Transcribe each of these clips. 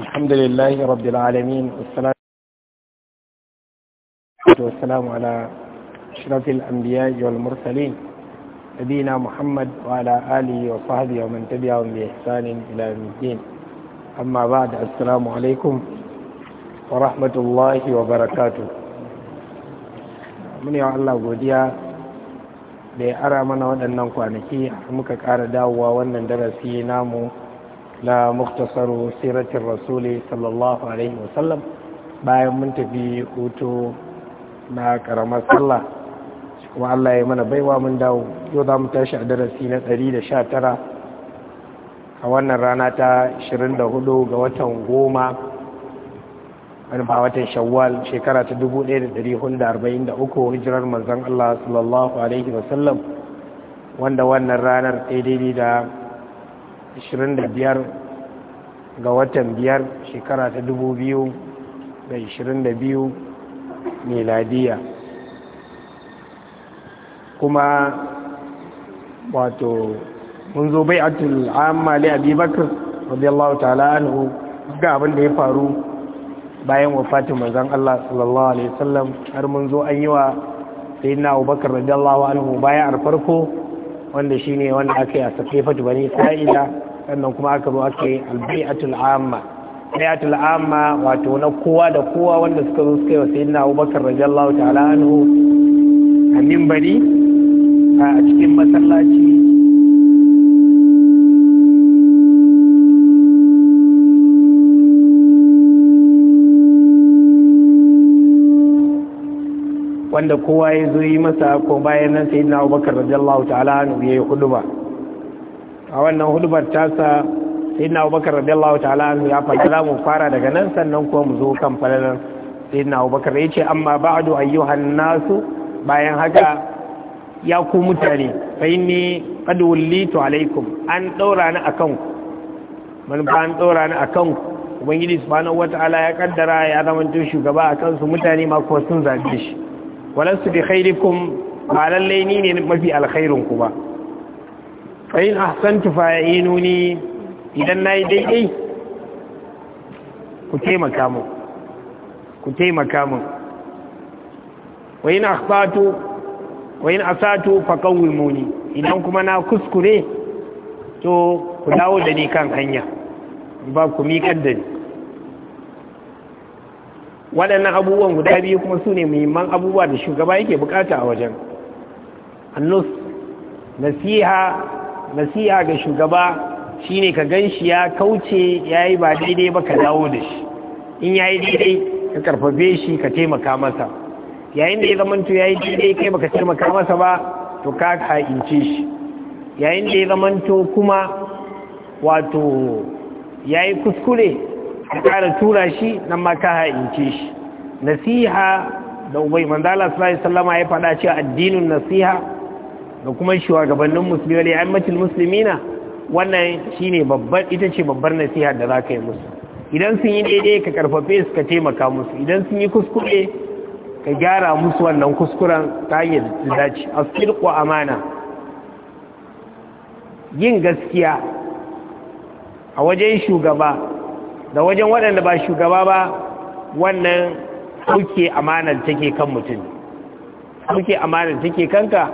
الحمد لله رب العالمين والسلام والسلام على أشرف الأنبياء والمرسلين نبينا محمد وعلى آله وصحبه ومن تبعهم بإحسان إلى يوم الدين أما بعد السلام عليكم ورحمة الله وبركاته من يا الله godiya da ya ara mana waɗannan kwanaki muka ƙara dawowa wannan darasi namu na muktasaru siratin rasuli sallallahu alaihi wasallam bayan mun tafi hutu na ƙaramar sallah kuma Allah ya mana baiwa mun dawo yau za mu tashi a darasi na 119 a wannan rana ta 24 ga watan goma a watan shawwal shekara ta 1443 hijirar manzon Allah sallallahu alaihi wasallam wanda wannan ranar daidai da 25 ga watan biyar shekara ta 2022 miladiya kuma wato mun zo bai atul amma li abi bakr radiyallahu ta'ala anhu ga abin da ya faru bayan wafatin manzon Allah sallallahu alaihi wasallam har mun zo an yi wa sayyidina Abubakar radiyallahu anhu bayan farko wanda shine wanda aka yi a safifatu bani sa'ida sannan kuma aka zo aka yi albai'atul amma bai'atul amma wato na kowa da kowa wanda suka zo suka yi wa sayyidina Abubakar radiyallahu ta'ala anhu a minbari a cikin masallaci wanda kowa ya zo yi masa ko bayan nan sai na abubakar radiyallahu ta'ala anhu ya yi huduba a wannan hudubar tasa sai na abubakar radiyallahu ta'ala anhu ya faɗi za mu fara daga nan sannan kuma mu zo kan falalar sai na abubakar ya ce amma ba'adu ayyuhan nasu bayan haka ya ku mutane fa inni qad wullitu alaikum an ɗaura ni akan ku manufa an ɗaura ni akan ku ubangiji subhanahu wataala ya kaddara ya zama shugaba akan su mutane ma ko sun zabe shi walansu bi khairikum ma lallai ni ne mafi alkhairun ku ba fa in ahsantu fa ya'inuni idan nayi daidai ku taimaka mu ku taimaka mu wa in akhtatu wa in asatu fa qawwimuni idan kuma na kuskure to ku dawo da ni kan hanya ba ku miƙar da ni waɗannan abubuwan guda biyu kuma su ne muhimman abubuwa da shugaba yake bukata a wajen annus nasiha nasiha ga shugaba shine ka gan shi ya kauce ya yi ba daidai ba ka dawo da shi in ya yi daidai ka karfafe shi ka taimaka masa yayin da ya zama to ya yi daidai kai baka taimaka masa ba to ka ha'ince shi yayin da ya zama to kuma wato ya yi kuskure ka ƙara tura shi nan ma ka ha'ince shi nasiha da ubai manzala sallallahu sallama ya faɗa cewa addinin nasiha da kuma shugabannin musulmi ne ya'ammatul muslimina wannan shine babbar ita ce babbar nasiha da zaka yi musu idan sun yi daidai ka karfafe su ka taimaka musu idan sun yi kuskure ka gyara musu wannan kuskuren ta hanyar da dace asirqu amana yin gaskiya a wajen shugaba da wajen waɗanda ba shugaba ba wannan ɗauke amanar take kan mutum ɗauke amanar take kanka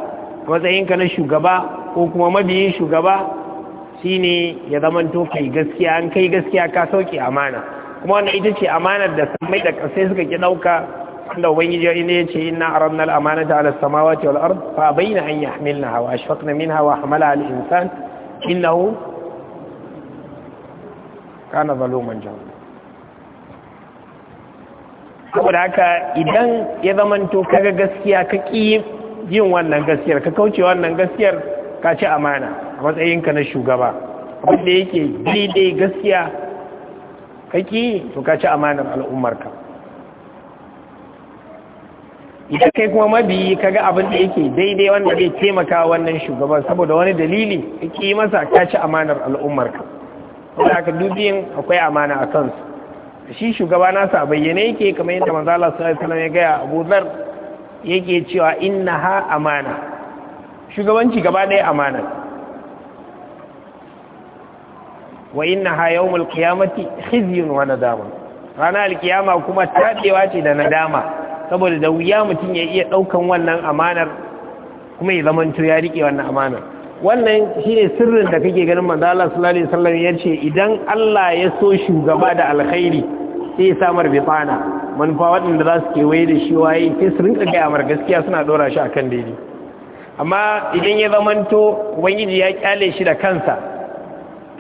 matsayinka na shugaba ko kuma mabiyin shugaba shine ya zamanto kai gaskiya an kai gaskiya ka sauke amana kuma wannan ita ce amanar da samai da ƙasai suka ki ɗauka wanda ubangiji ya ne ya ce inna aramnal amanata ala samawati wal ard fa baina an yahmilna wa ashfaqna min hawa hamala al insan innahu kana zaluman jahula saboda haka idan ya zamanto kaga gaskiya ka ƙi yin wannan gaskiyar ka kauce wannan gaskiyar ka ci amana a matsayinka na shugaba wanda yake daidai gaskiya ka ƙi to ka ci amanar al'ummarka idan kai kuma mabi kaga abin da yake daidai wanda zai taimaka wannan shugaban saboda wani dalili ka ƙi masa ka ci amanar al'ummarka wanda aka dubiyin akwai amana a kansu shi shugaba nasa a bayyane yake kamar yadda manzo Allah sallallahu alaihi ya gaya Abu Dharr yake cewa ha amana shugabanci gaba ɗaya amana wa ha yawmul qiyamati khizyun wa nadama rana alkiyama kuma tadewa ce da nadama saboda da wuya mutum ya iya ɗaukan wannan amanar kuma ya zamanto ya rike wannan amanar wannan shine sirrin da kake ganin manzo Allah sallallahu alaihi wasallam ce idan Allah ya so shugaba da alkhairi sai ya samar bifana manufa waɗanda za su kewaye da shi waye sai su rinka gaya mar gaskiya suna ɗora shi akan daidai amma idan ya zamanto ubangiji ya kyale shi da kansa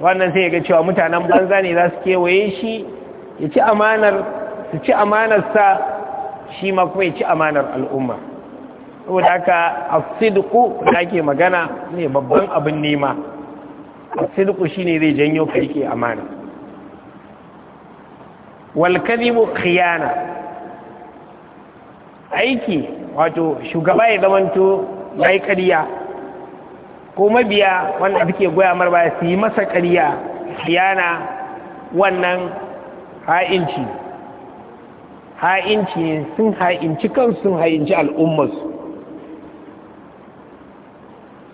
wannan sai ya ga cewa mutanen banza ne za su kewaye shi ya ci amanar su ci sa shi ma kuma ya ci amanar al'umma saboda haka asidiku da ake magana ne babban abin nema shi ne zai janyo ka yake amana wal khiyana aiki wato shugaba ya zamanto mai kariya ko mabiya wanda suke goya marba su yi masa kariya khiyana wannan ha'inci ha'inci sun ha'inci kansu sun ha'inci al'ummarsu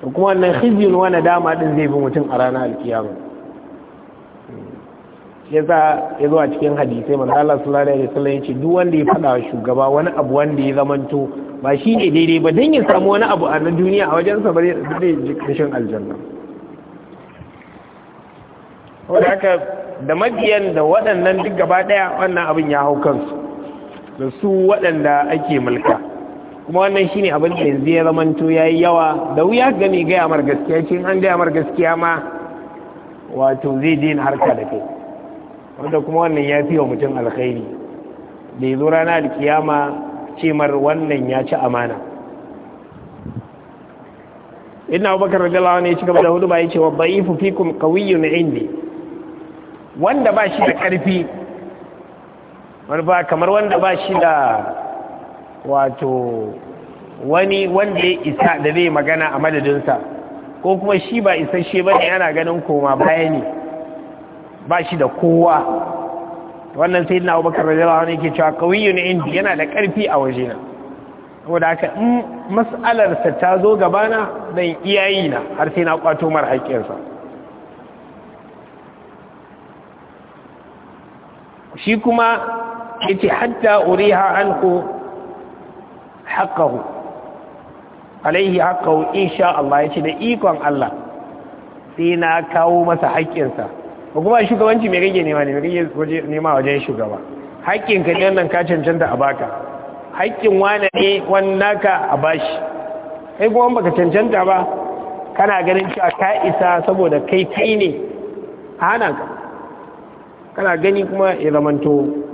to kuma wannan khizyun wa dama din zai bi mutum a ranar alkiyama ya sa ya zo a cikin hadisai manzo Allah sallallahu alaihi wasallam ce duk wanda ya fada wa shugaba wani abu wanda ya zamanto ba shi ne daidai ba dan ya samu wani abu a na duniya a wajen sa bare zai ji kishin aljanna haka da mabiyan da waɗannan duk gaba ɗaya wannan abin ya hau kansu da su waɗanda ake mulka kuma wannan shine abin da yanzu ya zamanto yayi yawa da wuya ga mai gaya mar gaskiya cikin an gaya mar gaskiya ma wato zai je harka da kai wanda kuma wannan ya fi wa mutum alkhairi bai zo rana da kiyama cimar wannan ya ci amana inna abubakar radiyallahu anhu ne ci gaba da hudu ba ya ce wa ba'ifu fikum qawiyyun indi wanda ba shi da karfi wani ba kamar wanda ba shi da wato wani wanda ya isa da zai magana a madadinsa ko kuma shi ba isasshe ba ne yana ganin koma baya ne ba shi da kowa wannan sai na abubakar rajalawa wani ke cewa na indi yana da karfi a waje na wadda haka in mas'alarsa ta zo gabana zan iyayi na har sai na kwato mar haƙƙinsa shi kuma yace hatta uriha ko. haqqahu alaihi haqqahu insha Allah ce da ikon Allah sai na kawo masa haƙƙinsa ko kuma shugabanci mai rage nema ne mai rage waje nema wajen shugaba haƙƙin ka ne nan ka cancanta a baka haƙƙin wane ne wannan ka a bashi kai kuma baka cancanta ba kana ganin cewa ka isa saboda kai kai ne hana ka kana gani kuma ya zamanto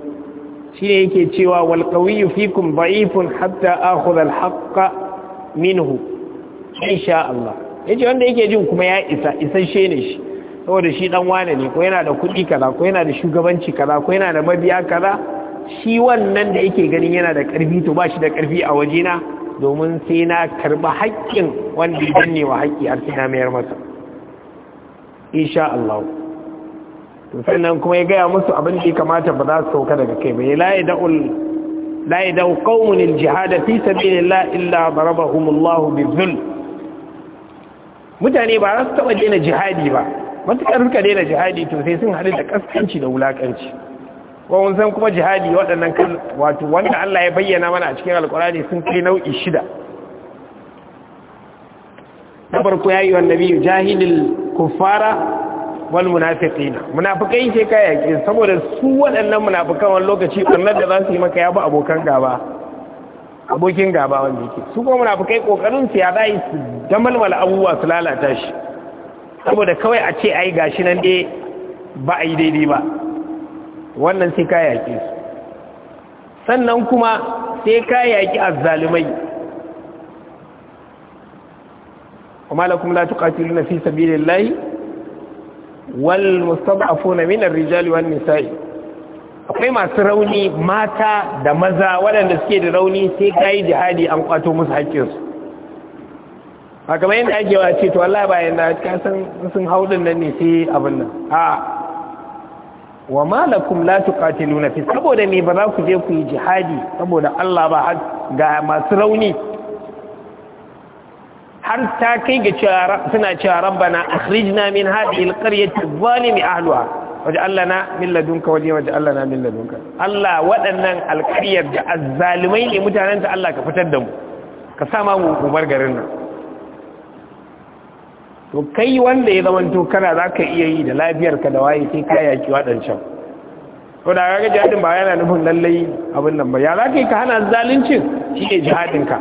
shine yake cewa wal qawiyyu ba'ifun hatta akhudha al minhu insha Allah yace wanda yake jin kuma ya isa isasshe ne shi saboda shi dan wane ne ko yana da kuɗi kaza ko yana da shugabanci kaza ko yana da mabiya kaza shi wannan da yake ganin yana da ƙarfi to ba shi da ƙarfi a wajena domin sai na karɓi haƙƙin wanda ya danne wa haƙƙi har sai na mayar masa insha Allah sannan kuma ya gaya musu abin da ya kamata ba za su sauka daga kai bai la yada'ul la mutane ba za su taba daina jihadi ba matukar suka daina jihadi to sai sun haɗu da kaskanci da wulakanci ko san kuma jihadi waɗannan kan wato wanda Allah ya bayyana mana a cikin alkurani sun kai nau'i shida na farko ya yi wa nabi jahilil kuffara wal munafiqina munafiqai ke kai yaƙi saboda su waɗannan munafikan wani lokaci ɓarnar da za su yi maka ya bi abokan gaba abokin gaba wanda yake su kuma munafikai kokarin su ya dai su damalmal abubuwa su lalata shi saboda kawai a ce ai gashi nan dai ba a yi daidai ba wannan sai kai yaƙi su sannan kuma sai kai yaƙi azzalumai kuma lakum la tuqatiluna fi sabilillahi wal mustad'afuna min ar-rijali wan nisa'i akwai masu rauni mata da maza waɗanda suke da rauni sai kai jihadi an kwato musu haƙƙinsu a kamar yadda ake wa ce to Allah bayan yana ka san sun nan ne sai abin nan a wa malakum la tuqatiluna fi saboda me ba za ku je ku yi jihadi saboda Allah ba ga masu rauni har ta kai ga suna cewa rabbana akhrijna min hadhihi alqaryati mai ahliha waje Allah na min ladunka waje waje Allah na min ladunka Allah waɗannan alƙaryar da azzalimai ne mutanen ta Allah ka fitar da mu ka sa ma mu bar garin nan to kai wanda ya zama to kana zaka iya yi da lafiyar ka da waye sai ka yaki waɗancan to da ga jihadin ba yana nufin lallai abin nan ba ya zaka ka hana zaluncin shi ne jihadin ka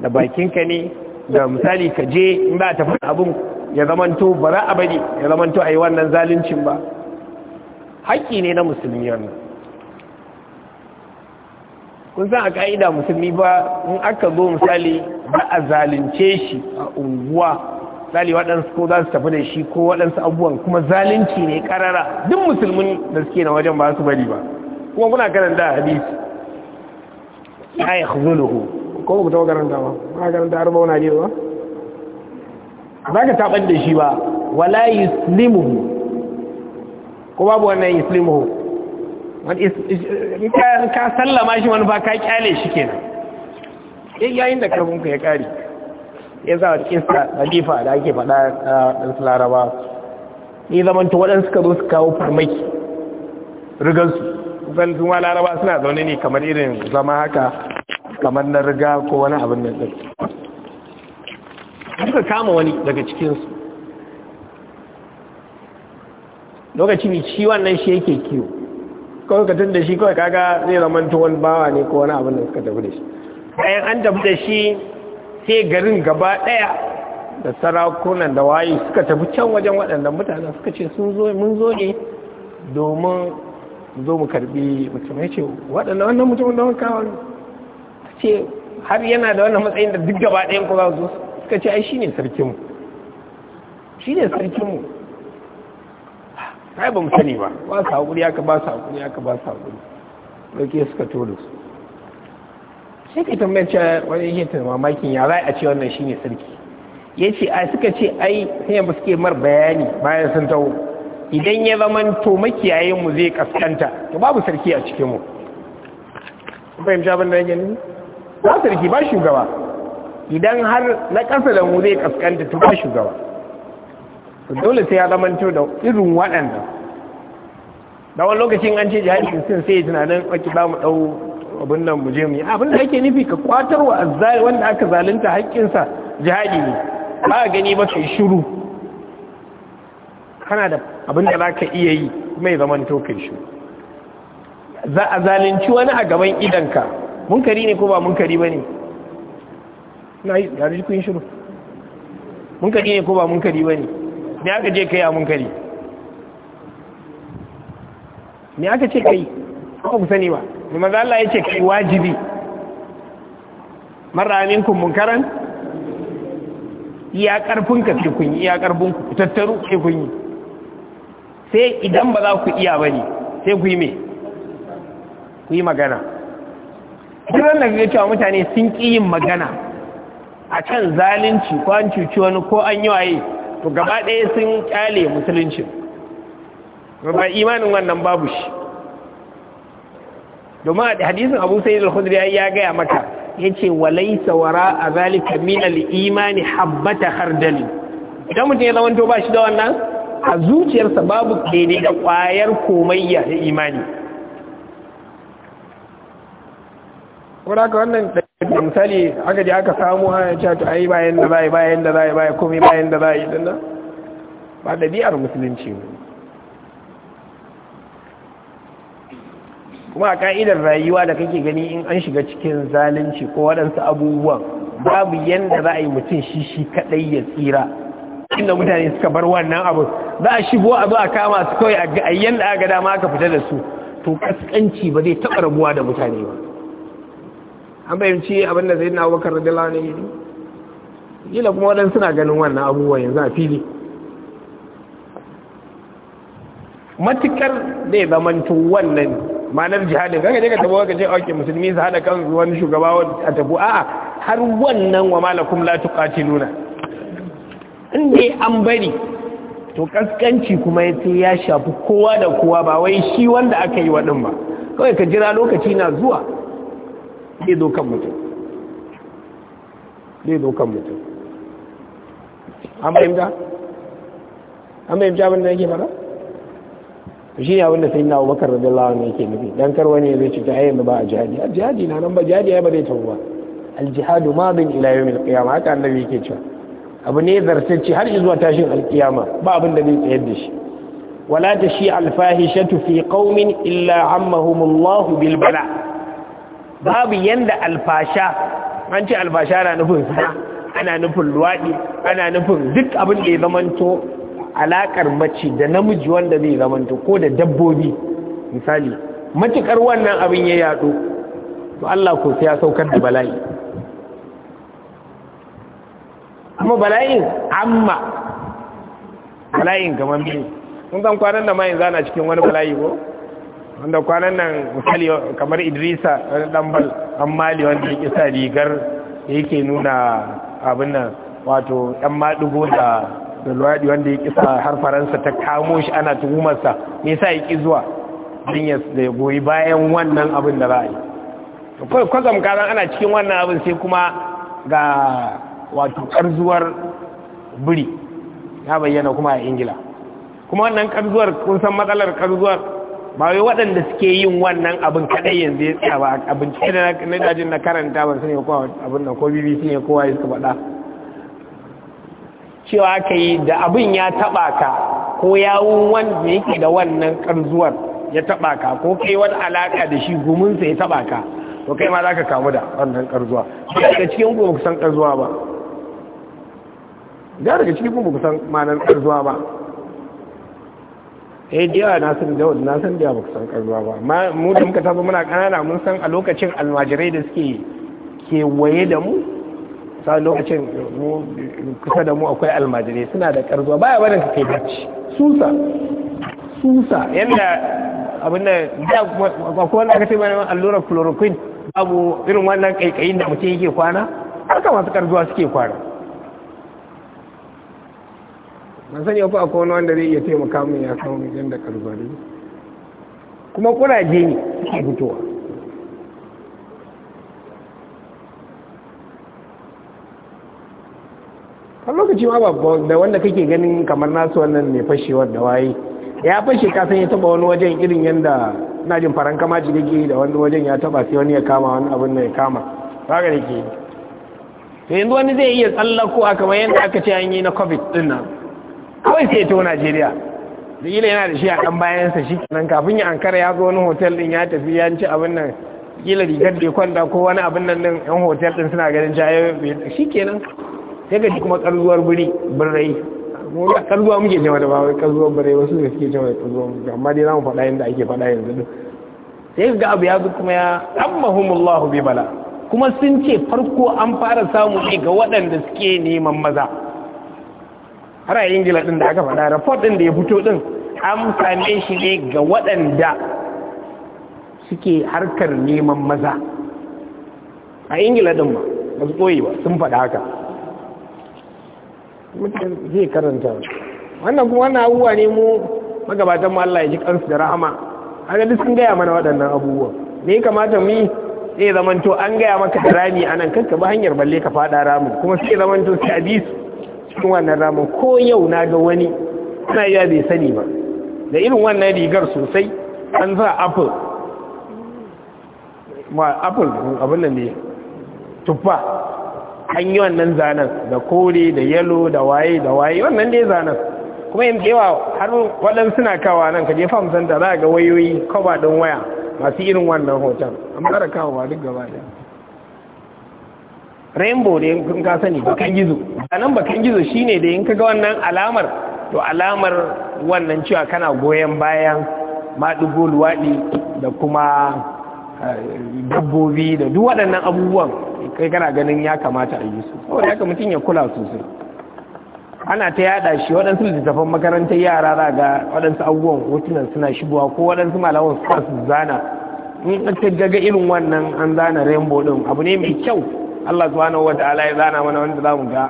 da bakinka ne da misali ka je in ba tafi abin ya zamanto ba za a bari ya zamanto a yi wannan zaluncin ba haƙƙi ne na musulmi wannan kun san a ƙa'ida musulmi ba in aka zo misali ba a zalunce shi a unguwa misali waɗansu ko za su tafi da shi ko waɗansu abubuwan kuma zalunci ne ƙarara duk musulmin da suke na wajen ba su bari ba kuma kuna karanta hadisi ya yi ko mu taɓa garanta ba ba garanta har bauna ne ba ba ka taɓar da shi ba wala yuslimu ko babu wannan wani ka sallama shi wani ba ka kyale shi kenan eh, yayin da karfinku ya ƙari ya za a cikin hadifa da ake faɗa ɗansu laraba ni zamanta waɗansu ka zo su kawo farmaki rigansu zan kuma laraba suna zaune ne kamar irin zama haka kamar na riga ko wani abin da zai suka kama wani daga cikinsu lokacin shi wannan shi yake kiwo kawai ka da shi kawai kaga zai zamanta wani bawa ne ko wani abin da suka tafi da shi bayan an tafi da shi sai garin gaba ɗaya da sarakunan da waye suka tafi can wajen waɗannan mutane suka ce sun zo mun zo ne domin zo mu karbi mutum ya ce waɗannan wannan mutumin da wani kawai ce har yana da wannan matsayin da duk gaba ɗayan ku za su suka ce ai shi ne sarkinmu ne sarkinmu ai ba mu sani ba ba su haƙuri aka ba su haƙuri aka ba su haƙuri ɗauke suka tolo su shi ka tambayar cewa wani yake ta mamakin ya za a ce wannan shi ne sarki ya ce a suka ce ai sai yamma suke mar bayani bayan sun taho idan ya zama to makiyayinmu zai kaskanta to babu sarki a cikinmu fahimci abin da ya gani su riki ba shugaba idan har na ƙasa da mu zai kaskanta ta ba shugaba dole sai ya zamanto da irin waɗanda da wani lokacin an ce jihadin sun sai tunanin ɓaki ba mu ɗau abin nan mu je mu yi abin da ake nufi ka kwatar wa azzai wanda aka zalunta haƙƙinsa jihadi ne ba a gani ba kai shiru kana da abin da za ka iya yi mai zamanto kai shiru za a zalunci wani a gaban idanka munkari ne ko ba munkari ba ne na yi gari kun shiru munkari ne ko ba munkari ba ne me aka je kai a munkari me aka ce kai kuma ku sani ba ne maza Allah ya ce kai wajibi marra minkum munkaran iya karfin ka sai kun yi iya karfin ku tattaru ke kun yi sai idan ba za ku iya ne sai ku yi me ku yi magana duk wannan ya cewa mutane sun ƙi yin magana a can zalunci ko an cuci wani ko an yi waye to gaba ɗaya sun ƙyale musulunci ba imanin wannan babu shi domin a hadisin abu sai da hudu ya gaya maka ya ce walai sawara a zalika min al'imani habbata hardali idan mutum ya zamanto ba shi da wannan a zuciyarsa babu daidai da ƙwayar komayya da imani kuma ka wannan da misali aka ji aka samu hanyar cewa to ai bayan da zai bayan da zai bayan kome bayan da zai din nan ba ɗabi'ar musulunci ne kuma a ka'idar rayuwa da kake gani in an shiga cikin zalunci ko waɗansu abubuwan babu yadda za a yi mutum shi shi kaɗai ya tsira inda mutane suka bar wannan abu za a shigo abu a kama su kawai a yadda aka dama aka fita da su to kaskanci ba zai taɓa rabuwa da mutane ba an fahimci abin da zai na abubakar radiyallahu anhu yi kila kuma wadan suna ganin wannan abubuwa yanzu a fili matukar da ya zamanto wannan ma'anar jihadin kaga je ka tabo ka ce ake musulmi su hada kan wani shugaba a tabu a'a har wannan wa malakum la tuqatiluna in dai an bari to kaskanci kuma ya ya shafi kowa da kowa ba wai shi wanda aka yi waɗin ba kawai ka jira lokaci na zuwa zai zo kan mutum zai zo kan mutum an fahimta an fahimta abin da yake fara shi ne abinda sai na abubakar radiyallahu anhu yake nufi dan kar wani zai ce ta ayyan ba a jihadi a jihadi na nan ba jihadi ya ba zai tabu ba aljihadu ma bin ila yawmil qiyama haka annabi yake cewa abu ne zartacce har zuwa tashin alkiyama ba abin da zai tsayar da shi wala ta shi alfahishatu fi qaumin illa amma ammahumullahu bil bala babu yanda alfasha an ce alfasha na nufin sana ana nufin luwaɗi ana nufin duk abin da ya zamanto alaƙar mace da namiji wanda zai zamanto ko da dabbobi misali matukar wannan abin ya yaɗo to Allah ko sai ya saukar da bala'i amma bala'in amma bala'in kamar ne, kun san kwanan da mayin zana cikin wani bala'i ko wanda kwanan nan misali kamar idrisa wani ɗanbal an mali wanda ya kisa rigar da yake nuna abin nan wato ɗan maɗugo da da wanda ya kisa har faransa ta kamo shi ana tuhumarsa me sa ya ƙi zuwa din ya goyi bayan wannan abin da za a yi kwazam karan ana cikin wannan abin sai kuma ga wato ƙarzuwar biri ya bayyana kuma a ingila kuma wannan ƙarzuwar kun san matsalar ƙarzuwar ba wai waɗanda suke yin wannan abin kaɗai yanzu ya tsaya ba a bincike da na dajin na karanta ba su ne kowa abin da ko bbc ne kowa ya faɗa cewa aka yi da abin ya taɓa ka ko yawun wanda yake da wannan ƙarzuwar ya taɓa ka ko kai wani alaƙa da shi guminsa ya taɓa ka to kai ma za ka kamu da wannan ƙarzuwa daga cikin ku ba ku san ƙarzuwa ba daga cikin ku ba ku san ma'anar ƙarzuwa ba eh da na san da na san da baka san karuwa ba amma mu da muka taso muna kanana mun san a lokacin almajirai da suke kewaye da mu sa lokacin mu kusa da mu akwai almajirai suna da karzuwa baya barin ka kai bacci susa susa yanda abin da da akwai wanda aka ce mana allurar chloroquine babu irin wannan kaikayin da mutum yake kwana haka masu karzuwa suke kwana ban sani ofa akwai wani wanda zai iya taimaka min ya samu mijin da kalbari kuma kuraje ne a fitowa har lokaci ma babba da wanda kake ganin kamar nasu wannan mai fashewar da waye ya fashe kasan ya taba wani wajen irin yadda na jin faran kama jirgi da wani wajen ya taba sai wani ya kama wani abin da ya kama ba da ke yanzu wani zai iya tsallako a kamar yadda aka ce an yi na covid din nan kawai sai to Najeriya da ila yana da shi a ɗan bayansa shi nan kafin ya ankara ya zo wani hotel din ya tafi ya ci abin nan kila rigar da kwanda ko wani abin nan ɗin yan hotel ɗin suna ganin jaye shi kenan sai gaji kuma ƙarzuwar biri birrai ƙarzuwa muke cewa da bawai ƙarzuwar birrai wasu da suke cewa ƙarzuwar birrai amma dai za mu faɗa yadda ake faɗa yanzu duk sai ga abu ya zo kuma ya ammahumullahu bi bala kuma sun ce farko an fara samu ne ga waɗanda suke neman maza ra'ayin a ingila din da aka faɗa report din da ya fito din an same shi ne ga waɗanda suke harkar neman maza a ingila din ba ba su ɓoye ba sun faɗa haka mutum zai karanta wannan kuma wannan abubuwa ne mu magabatan Allah ya ji kansu da rahama haka duk sun gaya mana waɗannan abubuwa ne kamata mu yi sai zamanto an gaya maka rami anan kanka ba hanyar balle ka faɗa ramin kuma sai zamanto sai a cikin wannan ramin ko yau na ga wani na iya bai sani ba da irin wannan rigar sosai an za apple ma apple abin ne tuffa an yi wannan zanen da kore da yalo da waye da waye wannan ne zanen kuma yin yawa har waɗansu suna kawa nan ka je famsan za ga wayoyi kwaba ɗin waya masu irin wannan hoton an fara ba duk gaba da rainbow ne kun ka sani bakan gizo nan bakan gizo shine da in kaga wannan alamar to alamar wannan cewa kana goyon bayan maɗigo luwaɗi da kuma eh, dabbobi da duk waɗannan abubuwan kai kana ganin ya kamata a yi su saboda haka mutum ya kula sosai ana ta yada shi waɗansu littattafan makarantar yara za ga waɗansu abubuwan hotunan suna shigowa ko waɗansu malawan su zana in ka gaga irin wannan an zana rainbow din abu ne mai kyau Allah subhanahu wata'ala ya zana mana wanda za mu ga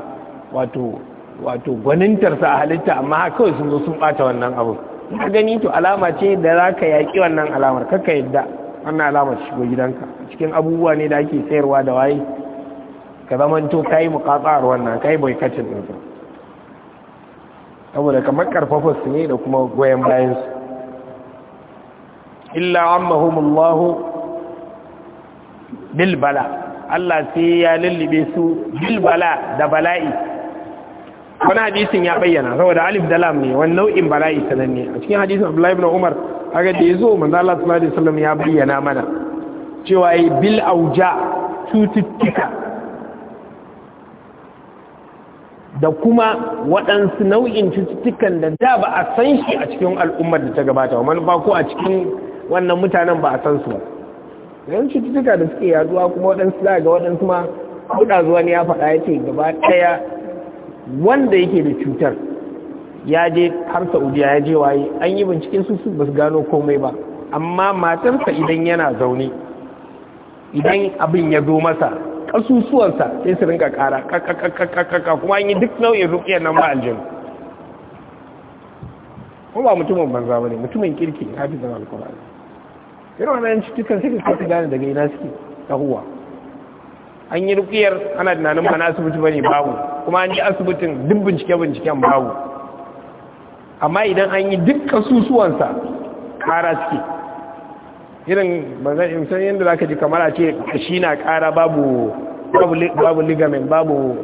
wato wato gwanintarsa a halitta amma kawai sun zo sun bata wannan abu ka gani to alama ce da za ka yaƙi wannan alamar kaka yadda wannan alamar shigo gidanka cikin abubuwa ne da ake sayarwa da waye ka zamanto ka yi muƙatsar wannan ka yi boikacin ɗinsu saboda kamar ƙarfafa su ne da kuma goyon su illa amma ammahumullahu bil bala Allah sai ya lullube su bil bala da bala'i wani hadisin ya bayyana saboda alif da lam ne wani nau'in bala'i sananne a cikin hadisin Abdullahi ibn Umar haka da yazo manzo Allah sallallahu alaihi wasallam ya bayyana mana cewa ai bil auja cututtuka da kuma waɗansu nau'in cututtukan da da ba a san shi a cikin al'ummar da ta gabata wa ba ko a cikin wannan mutanen ba a san su ba don cututtuka da suke yaduwa kuma waɗansu za ga waɗansu ma kuɗa zuwa ne ya faɗa ya ce gaba ɗaya wanda yake da cutar ya je har saudiya ya je waye an yi binciken su ba su gano komai ba amma matarsa idan yana zaune idan abin ya zo masa ƙasusuwansa sai su rinka kara kakakakakaka kuma an yi duk nau'in rukiyar nan ba aljanu kuma ba mutumin banza ba ne mutumin kirki hafi zama alkurani irin wannan cututtukan sai ka gane daga ina suke tahuwa an yi rukiyar ana tunanin ba na asibiti ba ne babu kuma an yi asibitin duk bincike-binciken babu amma idan an yi duk kasusuwansa kara suke irin ba zan bazan imsan yadda za ka ji kamar a ce kashi na kara babu babu ligament babu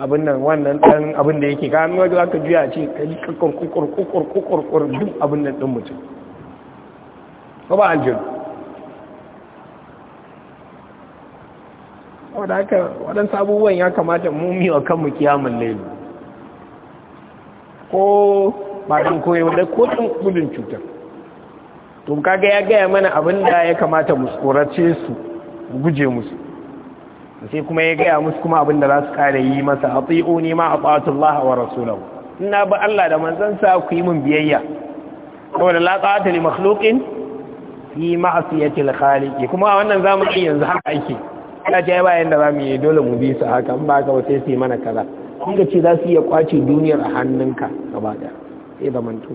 abin nan wannan dan abin da yake ka gano za ka juya ce ka kaji kakurkukurkukurkukur duk abin nan din mutum ko ba aljanu wadda haka waɗansu abubuwan ya kamata mummi wa kanmu kiyamun laifin ko bakin koyo da kotun gudun cutar to kaga ya gaya mana abin da ya kamata mu su guje musu sai kuma ya gaya musu kuma abin da za su kare yi masa a tsi'o ne ma a ƙwatullaha wa rasulau ina ba Allah da manzansa ku yi min biyayya da la ta'ata ne makhluqin fi ma'asiyatil khaliqi kuma a wannan zamani yanzu haka ake ina ce bayan da zamu yi dole mu bi su haka in ba ka sai su yi mana kaza kun ga ce za su iya kwace duniyar a hannunka gaba da sai zamanto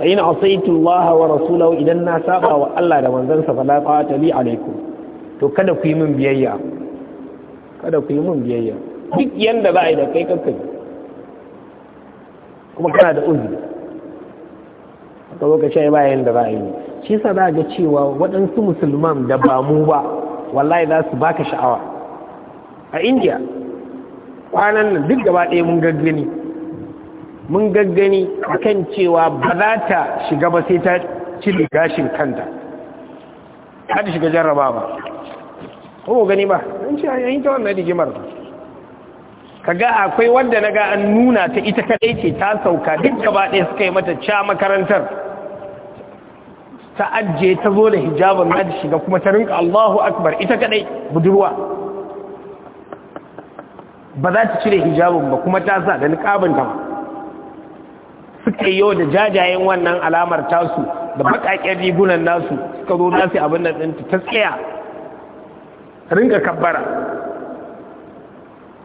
wa in asaitu Allah wa rasulahu idan na saba wa Allah da manzon sa la qata li alaikum to kada ku yi min biyayya kada ku yi min biyayya duk yanda za a yi da kai kakkai kuma kana da uzuri ka zo ka ce ba yanda za a yi shi yasa za ga cewa waɗansu musulman da ba mu ba wallahi za su baka sha'awa a india kwanan nan duk gaba ɗaya mun gaggani mun gaggani akan cewa ba za ta shiga ba sai ta cire gashin kanta ta shiga jarraba ba ko gani ba an ce an yi ta wannan rigimar ka ga akwai wanda na ga an nuna ta ita kaɗai ce ta sauka duk gaba ɗaya suka yi mata cha makarantar ta ajiye ta zo da hijabin na da shiga kuma ta rinka Allahu akbar ita kadai budurwa ba za ta cire hijabin ba kuma ta sa da niqabin ta suka yi da jajayen wannan alamar tasu da bakakken rigunan nasu suka zo nasu abin da ɗinta ta tsaya rinka kabbara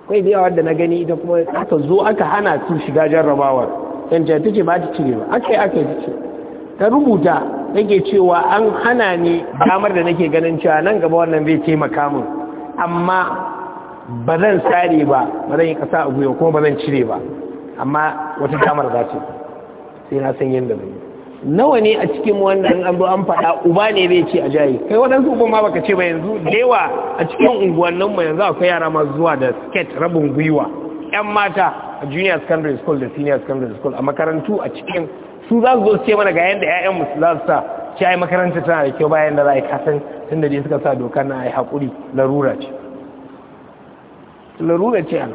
kai da yawa da na gani ita kuma aka zo aka hana su shiga jarrabawar yanci ta ce ba ta cire ba aka yi aka yi ta rubuta nake cewa an hana ni damar da nake ganin cewa nan gaba wannan zai taimaka min amma ba zan sare ba ba zan yi kasa a guyo kuma ba zan cire ba amma wata damar za ce sai na san yadda zai nawa ne a cikin wannan an zo an faɗa uba ne zai ce a jayi kai waɗansu uban ma baka ce ba yanzu da a cikin unguwannin mu yanzu akwai yara masu zuwa da skate rabin gwiwa yan mata a junior secondary school da senior secondary school a makarantu a cikin su za su zo ce mana ga yadda 'ya'yanmu za su sa ci yi makaranta tana da kyau bayan da za a yi kasan tun da dai suka sa dokar na a yi haƙuri larura ce larura ce a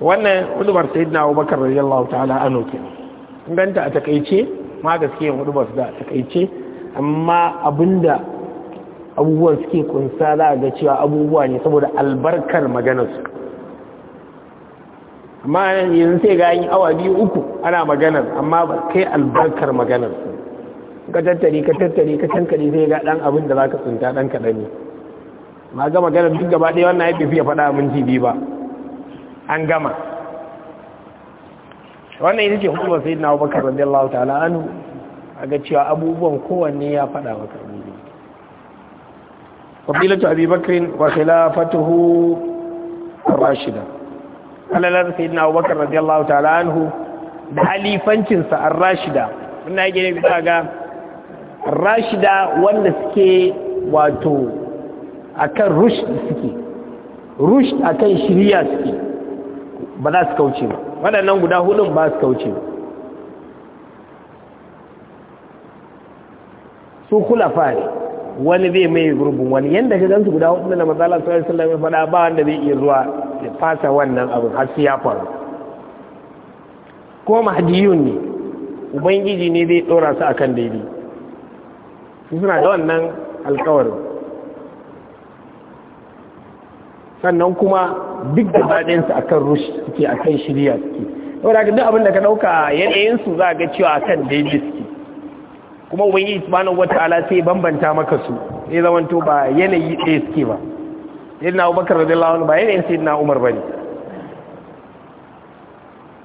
wannan hudubar sai na abubakar radiyallahu ta'ala ano ke ganta a takaice ma yin hudubar da a takaice amma abinda abubuwan suke kunsa za a ga cewa abubuwa ne saboda albarkar maganarsu amma yanzu sai ga yin awa biyu uku ana maganar amma ba kai albarkar maganar su ka tattari ka tattari ka tankare sai ga dan abin da za ka tsunta dan kaɗa ne ma ga maganar duk gaba ɗaya wannan ya fi faɗa faɗa ji biyu ba an gama wannan ita ce hukumar sai na abubakar radiyallahu ta'ala anu a ga cewa abubuwan kowanne ya faɗa wa karni wabilatu abubakar wa khilafatuhu rashida halalar na abubakar radiyallahu ta'ala anhu da halifancinsa an rashida muna yake ne bisa ga rashida wanda suke wato akan rush suke rush akan shiriya suke ba za su kauce ba waɗannan guda hudun ba su kauce ba su kula ne wani zai mai gurbin wani yadda ka gansu guda hudun da matsala sallallahu alaihi wasallam ya faɗa ba wanda zai iya zuwa su fasa wannan abin har su ya faru ko mahdiyun ne ubangiji ne zai dora su akan daidai su suna da wannan alkawarin sannan kuma duk da su akan rushe suke akan shirya suke saboda duk abin da ka ɗauka yanayinsu za a ga cewa akan daidai suke kuma ubangiji subhanahu wataala sai bambanta maka su sai zamanto ba yanayi ɗaya suke ba sayyidina abubakar radiyallahu anhu ba yanayin sayyidina umar ne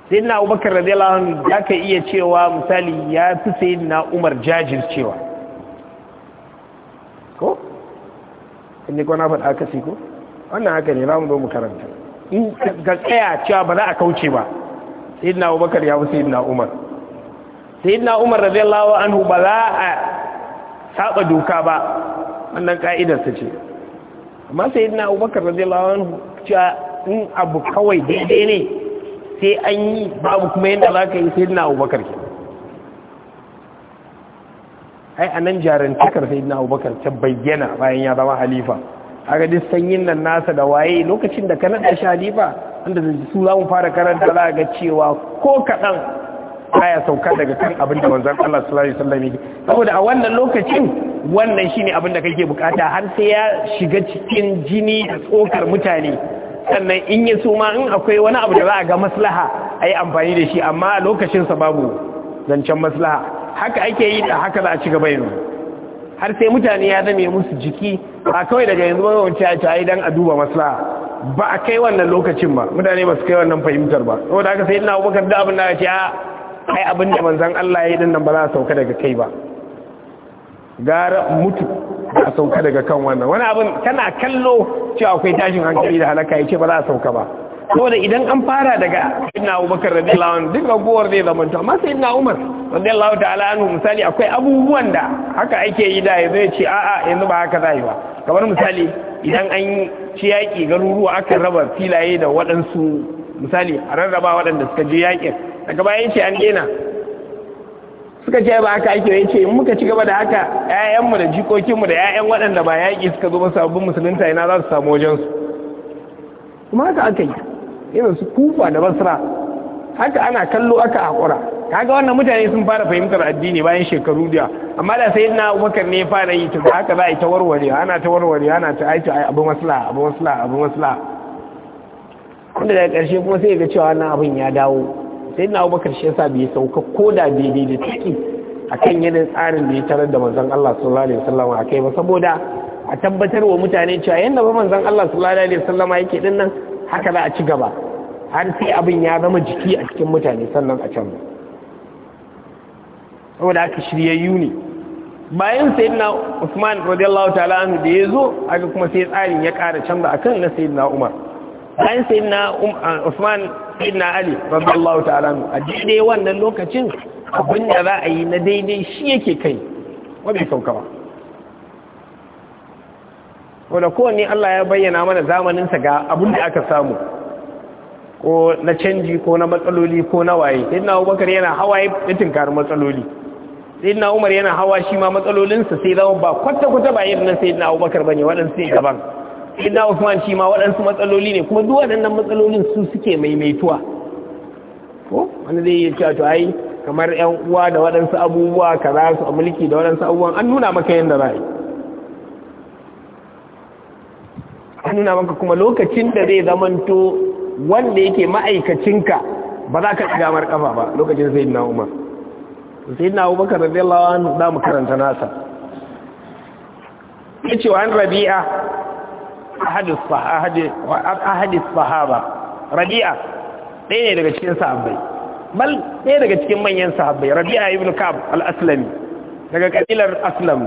sayyidina abubakar radiyallahu anhu ya ka iya cewa misali ya fi sayyidina umar jajircewa ko inda ko na faɗa aka si ko wannan haka ne ramu domin karanta in ga tsaya cewa ba za a kauce ba sayyidina abubakar ya fi sayyidina umar sayyidina umar radiyallahu anhu ba za a saba doka ba wannan ka'idarsa ce amma sai na abubakar da zai cewa in abu kawai daidai ne sai an yi babu kuma yadda za ka yi sai na abubakar ke ai a nan jarantakar sai na abubakar ta bayyana bayan ya zama halifa ga duk sanyin nan nasa da waye lokacin da ka naɗa shi halifa wanda da su za mu fara karanta za ga cewa ko kaɗan ya sauka daga kan abin da manzon Allah sallallahu alaihi wasallam yake saboda a wannan lokacin wannan shine abin da kake bukata har sai ya shiga cikin jini da tsokar mutane sannan in ya suma in akwai wani abu da za a ga maslaha a yi amfani da shi amma a lokacinsa babu zancen maslaha haka ake yi da haka za a ci gaba yanzu har sai mutane ya zame musu jiki ba kawai daga yanzu ba wance a cayi don a duba maslaha ba a kai wannan lokacin ba mutane ba su kai wannan fahimtar ba saboda haka sai ina abubakar da abin da ya ce a ai abin da manzan Allah ya yi dinnan ba za a sauka daga kai ba gara mutu a sauka daga kan wannan wani abin kana kallo cewa akwai tashin hankali da halaka ya ce ba za a sauka ba saboda idan an fara daga ina Abubakar radiyallahu anhu duk ragowar zai zama to amma ina Umar radiyallahu ta'ala anu misali akwai abubuwan da haka ake yi da yanzu ya ce a'a yanzu ba haka zai ba kamar misali idan an ci yaƙi garuruwa aka raba filaye da waɗansu misali a rarraba waɗanda suka je yaƙin daga bayan ce an dena suka ce ba haka ake yace in muka ci gaba da haka ƴaƴanmu da jikokinmu da ƴaƴan waɗanda ba yaƙi suka zo ba sababbin musulunta ina za su samu wajen su kuma haka aka yi irin su kufa da basra haka ana kallo aka haƙura kaga wannan mutane sun fara fahimtar addini bayan shekaru da amma da sai na abubakar ne fara yi tun haka za a yi ta warware ana ta warware ana ta aiki abu masla abu masla abu masla wanda daga ƙarshe kuma sai ga cewa wannan abin ya dawo sai na abubakar shi yasa bai sauka ko da daidai da ciki kan yanin tsarin da ya tarar da manzan Allah sallallahu alaihi a kai ba saboda a tabbatar wa mutane cewa yadda ba manzan Allah sallallahu alaihi wasallama yake din nan haka za a ci gaba har sai abin ya zama jiki a cikin mutane sannan a can saboda aka shiryayyu yuni bayan sayyidina Usman radiyallahu ta'ala anhu da ya zo aka kuma sai tsarin ya kara canza akan na sayyidina Umar bayan sayyidina Usman sayyidina ali radiyallahu ta'ala a daidai wannan lokacin abin da za a yi na daidai shi yake kai wa bai sauka ba wanda kowanne Allah ya bayyana mana zamanin sa ga abin da aka samu ko na canji ko na matsaloli ko na waye sayyidina abubakar yana hawa ya tinkari matsaloli sayyidina umar yana hawa shi ma matsalolinsa sai zama ba kwata-kwata ba irin na sayyidina abubakar bane waɗansu gaban sai da Usman shi ma waɗansu matsaloli ne kuma duk waɗannan matsalolin su suke maimaituwa ko wani zai iya cewa to ai kamar ƴan uwa da waɗansu abubuwa ka za su a mulki da waɗansu abubuwan an nuna maka yadda za a yi an nuna maka kuma lokacin da zai zamanto wanda yake ma'aikacinka ba za ka mar kafa ba lokacin sai na umar sai na abubakar radiyallahu anhu za mu karanta nasa ya ce wa an rabi'a ahadi sahaba rabi'a ɗaya ne daga cikin sahabbai bal ɗaya daga cikin manyan sahabbai rabi'a ibn kab al-aslami daga kabilar aslam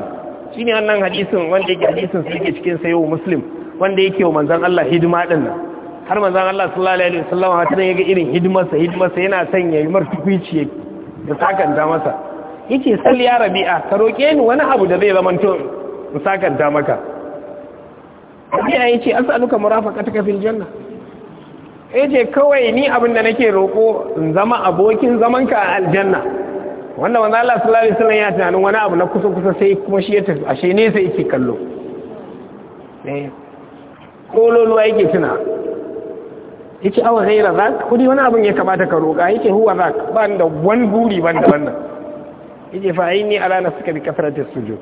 shine wannan hadisin wanda yake hadisin su yake cikin sayo muslim wanda yake wa manzon Allah hidima din nan har manzon Allah sallallahu alaihi wasallam hata ne yaga irin hidimarsa hidimarsa yana son yayi martukuici yake da sakanta masa yake salli ya rabi'a ka roke ni wani abu da zai zamanto in sakanta maka ya yace as'aluka ta fil janna ce kawai ni abin da nake roƙo in zama abokin zamanka a aljanna wanda wanda Allah sallallahu alaihi wasallam ya tunanin wani abu na kusa kusa sai kuma shi ya tafi ashe ne sai yake kallo eh kololuwa yake tuna yace awa ghaira zak ko wani abin ya kamata ka roƙa yake huwa zak ba da wani buri ban da wannan yace fa aini ala nafsika bi su sujud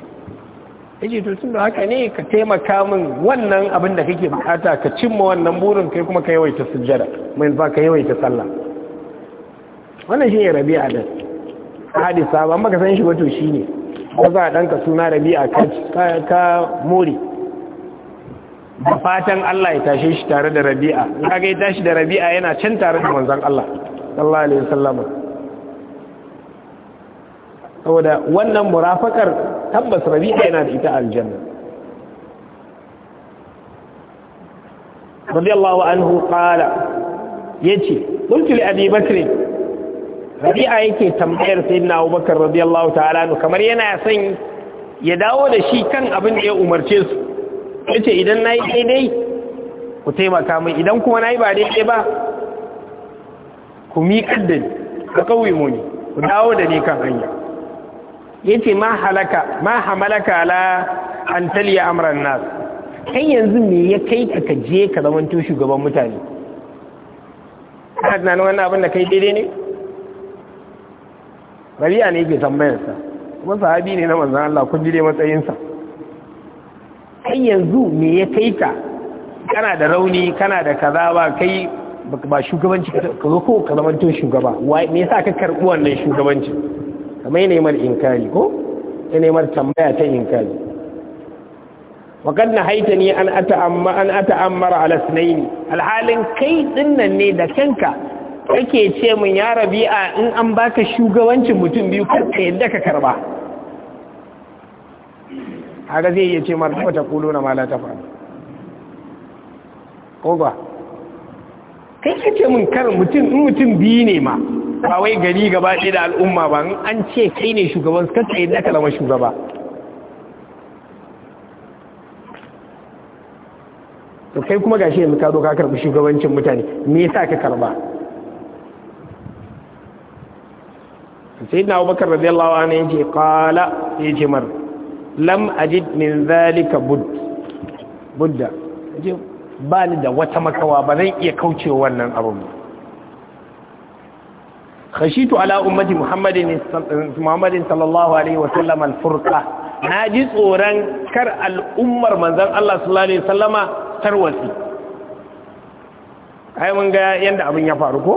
yace to da haka ne ka taimaka min wannan abin da kake bukata ka cimma wannan burin kai kuma ka yawaita sujjada mai ba ka yawaita sallah wannan shi ne rabi'a da hadisa ba maka san shi wato shi shine ko za a danka suna rabi'a ka ka mori da fatan Allah ya tashe shi tare da rabi'a kaga ya tashi da rabi'a yana can tare da manzon Allah sallallahu alaihi wasallam saboda wannan murafakar tabbas rabi'a yana da ita aljanna radiyallahu anhu qala yace qultu li abi bakr rabi'a yake tambayar sayyidina abubakar radiyallahu ta'ala anhu kamar yana son ya dawo da shi kan abin da ya umarce su yace idan nayi daidai ku taimaka min idan kuma nayi ba daidai ba ku miƙar da ni ka kauye mu ku dawo da ni kan hanya yace ma halaka ma hamalaka la an taliya amran nas kai yanzu me ya kai ka ka je ka zamanto shugaban mutane kana nan wannan abin da kai daidai ne rabi'a ne yake tambayar sa kuma sahabi ne na manzon Allah kun ji dai matsayin sa kai yanzu me ya kai ka kana da rauni kana da kaza ba kai ba shugabanci ka zo ko ka to shugaba me yasa ka karbi wannan shugabancin kamar yana mar inkari ko yana mar tambaya ta inkari wa na haita ni an ata an ata'ammara ala sunaini alhalin kai dinnan ne da kanka kake ce min ya rabi'a in an baka shugabancin mutum biyu kar ka yadda ka karba haka zai iya ce mar ta kulo na mala ta faru ko ba kai ka ce min kar mutum in mutum biyu ne ma ba wai gari gaba ɗaya da al'umma ba an ce kai ne shugaban su kasa yadda kalama shugaba to kai kuma gashi yanzu ka zo ka karɓi shugabancin mutane me yasa ka karɓa sai na abubakar radiyallahu anhu yace qala yace mar lam ajid min zalika bud budda ba ni da wata makawa ba zan iya kaucewa wannan abun ba khashitu ala ummati muhammadin muhammadin alaihi wa sallam al-furqa naji tsoran kar al'ummar manzon Allah sallallahu alaihi wasallama tarwasi ai mun ga yanda abin ya faru ko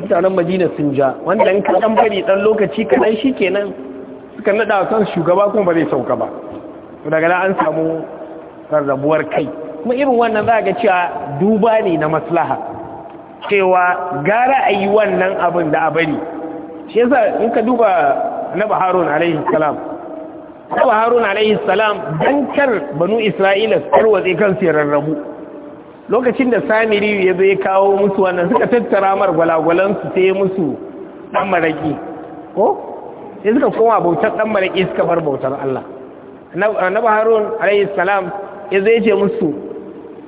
mutanen Madina sun ja wanda in ka dan bari lokaci kadan shikenan suka naɗa san shugaba kuma ba zai sauka ba daga nan an samu rarrabuwar kai kuma irin wannan za ga cewa duba ne na maslaha cewa gara a yi wannan abin da a bari shi yasa in ka duba na baharun alaihi salam na baharun alaihi salam dan kar banu isra'ila su tarwatse kansu ya rarrabu lokacin da samiri ya zai kawo musu wannan suka tattara mar gwalagwalan su sai musu dan maraki ko sai suka koma bautar dan maraki suka bar bautar Allah na baharun alaihi salam ya zai ce musu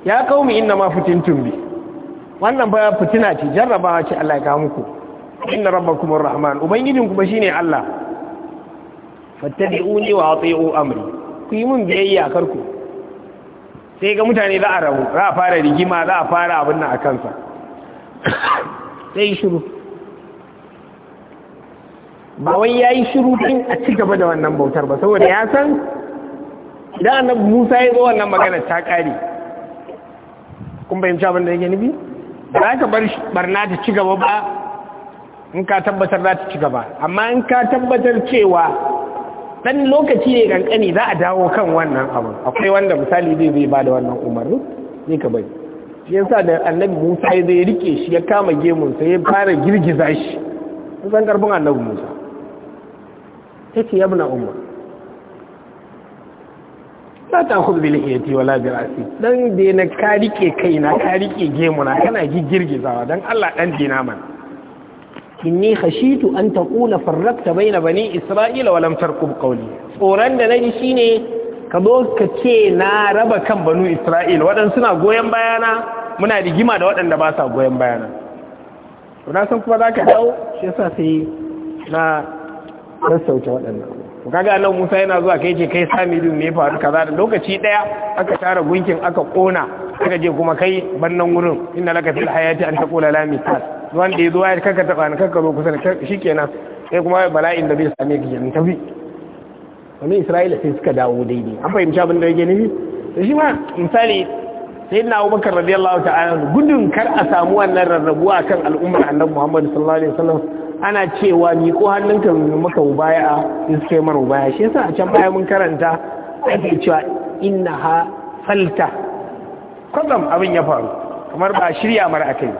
ya kaumi inna ma fitintum bi wannan ba fitina ce jarrabawa ce Allah ya kawo muku inna rabbakum arrahman ubangijin ku ba shine Allah fattabi'uni wa ati'u amri ku yi mun biyayya karku sai ga mutane za a rabu za a fara rigima za a fara abin nan a kansa sai shiru ba wai yayi shiru din a ci gaba da wannan bautar ba saboda ya san idan annabi Musa ya zo wannan magana ta kare kun bayyana abin da yake nufi ba ka bar barna ta ci gaba ba in ka tabbatar za ta ci gaba amma in ka tabbatar cewa dan lokaci ne kankani za a dawo kan wannan abu akwai wanda misali zai zai ba da wannan umarni ne ka bari shi yasa da annabi musa ya zai rike shi ya kama gemunsa ya fara girgiza shi kusan karfin annabi musa ta ce yabna umar la ta kudu bil wala bi ra'si dan da na ka rike kaina ka rike gemuna kana girgizawa dan Allah dan dina man inni khashitu an taqula farraqta bayna bani isra'ila wa lam tarqub qawli tsoran da naji shine ka zo ka ce na raba kan banu isra'ila waɗanda suna goyon bayana muna rigima da waɗanda ba sa goyon bayana na san kuma za ka dawo shi yasa sai na sassauta waɗannan to kaga nan Musa yana zuwa kai ce kai sami din me faru kaza da lokaci daya aka tara gunkin aka kona aka je kuma kai bannan wurin inna laka fil hayati an taqula la misal wanda yazo ya kaka taba ni kaka zo kusa shikenan sai kuma bala'in da bai same ki kenan tafi wani Isra'ila sai suka dawo daidai an fahimci abin da yake nufi to shi ma misali abu Abubakar radiyallahu ta'ala gudun kar a samu wannan rarrabuwa kan al'ummar Annabi Muhammad sallallahu alaihi wasallam ana cewa miƙo hannunka maka mubaya'a in suka yi mara mubaya shi yasa a can baya mun karanta ake cewa inna ha falta Kwazam abin ya faru kamar ba shirya mara a kai.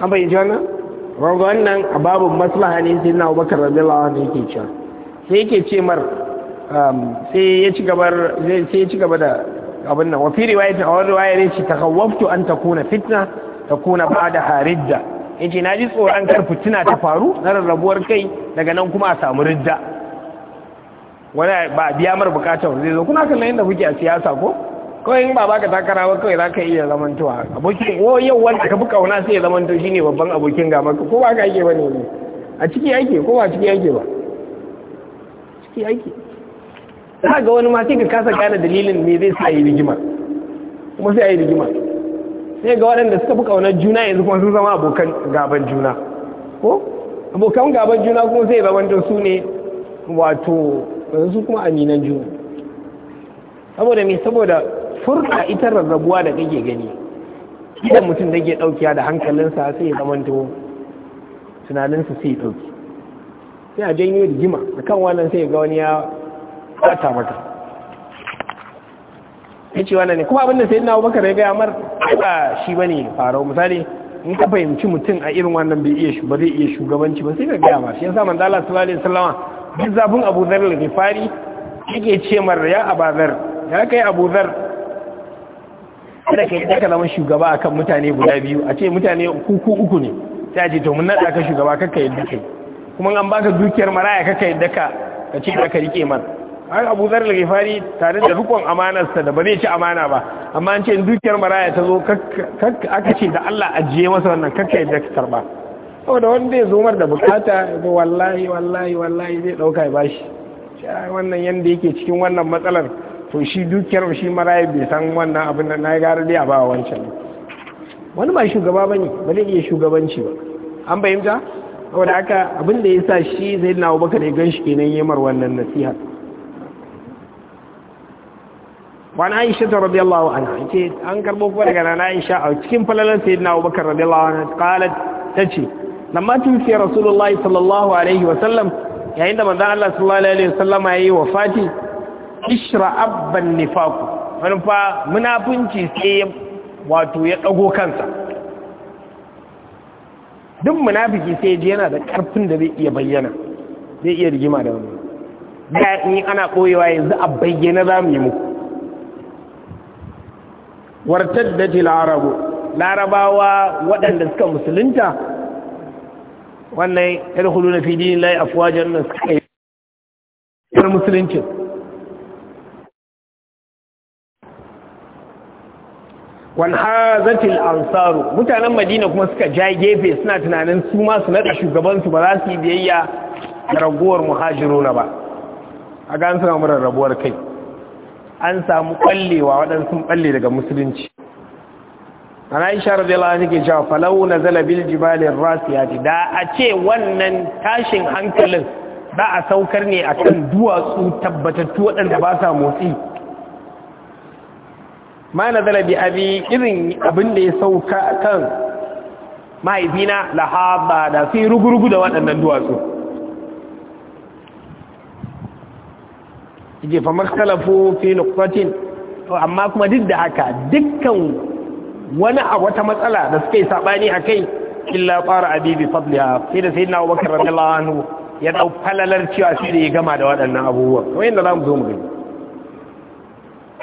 an bai ji wannan rago wannan a babin maslaha ne sai na abubakar radiyallahu anhu yake cewa sai yake ce mar um, sai ya ci gaba sai ya ci gaba da abin nan wa riwayar riwayatin a wani riwaya ne ce takawwaftu an takuna fitna takuna ba'da haridda In ce na ji tsoron kar fitina ta faru na rarrabuwar kai daga nan kuma a samu ridda wani ba a biya mara bukatar zai zo kuna kallon da kuke a siyasa ko kawai in ba baka takara ba kawai za ka iya zamantowa abokin ko oh, yau wani ka fi kauna sai ya zamanto shi ne babban abokin maka ko ba ka ake ba ne a ciki ake ko ba a ciki ake ba ciki ake za ga wani ma sai ka kasa gane dalilin me zai sa yi rigima kuma sai a yi rigima ne ga waɗanda suka fi ƙaunar juna yanzu kuma sun zama abokan gaban juna ko abokan gaban juna kuma ba wanda su ne wato su kuma aminan juna saboda me saboda furta ita rarrabuwa da kake gani idan mutum da ke ɗaukiya da hankalinsa sai ya zamanto tunaninsa sai ya ɗauki sai a janyo rigima da kan wannan sai ga wani ya ɓata mata ya ce wane ne kuma abinda sai yana abubakar ya gaya mar ba shi ba ne farau misali in ka fahimci mutum a irin wannan bai iya ba zai iya shugabanci ba sai ka gaya ma shi ya sa manzala sallallahu alaihi wasallama duk zafin abu zar fari ghifari yake ce mar ya abazar ya kai abu zar kada kai da ka zama shugaba akan mutane guda biyu a ce mutane kuku uku ne ta ce to mun nada ka shugaba kakka yadda kai kuma an baka dukiyar maraya kakka yadda ka ka ce ka rike mara. ai abu zar da gifari tare da rukun amanarsa da ba zai ci amana ba amma an ce dukiyar maraya ta zo aka ce da Allah ajiye masa wannan kakka yadda ka karba saboda wanda ya zomar mar da bukata ko wallahi wallahi wallahi zai dauka ya bashi wannan yanda yake cikin wannan matsalar to shi dukiyar shi maraya bai san wannan abin da na gara dai a ba wancan wani ba shugaba bane ba zai iya shugabanci ba an fahimta saboda haka abin da ya sa shi zai na abubakar ya gan shi kenan yamar wannan nasiha wani aisha ta radiyallahu anha ce an karbo kuma daga nana aisha a cikin falalar na abubakar radiyallahu anha qalat tace lamma tufi rasulullahi sallallahu alaihi wa sallam yayin da manzon Allah sallallahu alaihi wa sallam yayi Fati. ishra abban nifaku wani fa munafunci sai wato ya ɗago kansa duk munafiki sai ji yana da karfin da zai iya bayyana zai iya rigima da wani ya in ana koyewa yanzu a bayyana za mu yi muku wartaddatil arabu larabawa waɗanda suka musulunta wannan yadkhuluna fi dinillahi afwajan nan suka yi musulunci wanhazatil ansaru mutanen madina kuma suka ja gefe suna tunanin su ma su nada shugabansu ba za su yi biyayya da raguwar muhajiruna ba a gan suna murar rabuwar kai an samu ƙwallewa waɗansu sun ɓalle daga musulunci ana isha radiyallahu anha ke cewa falau na bil jibali rasiyati da a ce wannan tashin hankalin za a saukar ne akan duwatsu tabbatattu waɗanda ba sa motsi ma na bi abi irin abin da ya sauka kan mahaifina lahaba da sai rugurugu da waɗannan duwatsu jefa fa makhtalafu fi nuqatin to amma kuma duk da haka dukkan wani a wata matsala da suke sabani akai illa qara abi bi fadliha sai da sayyidina Bakar radiyallahu anhu ya dau falalar cewa shi da ya gama da waɗannan abubuwa kamar za zamu zo mu gani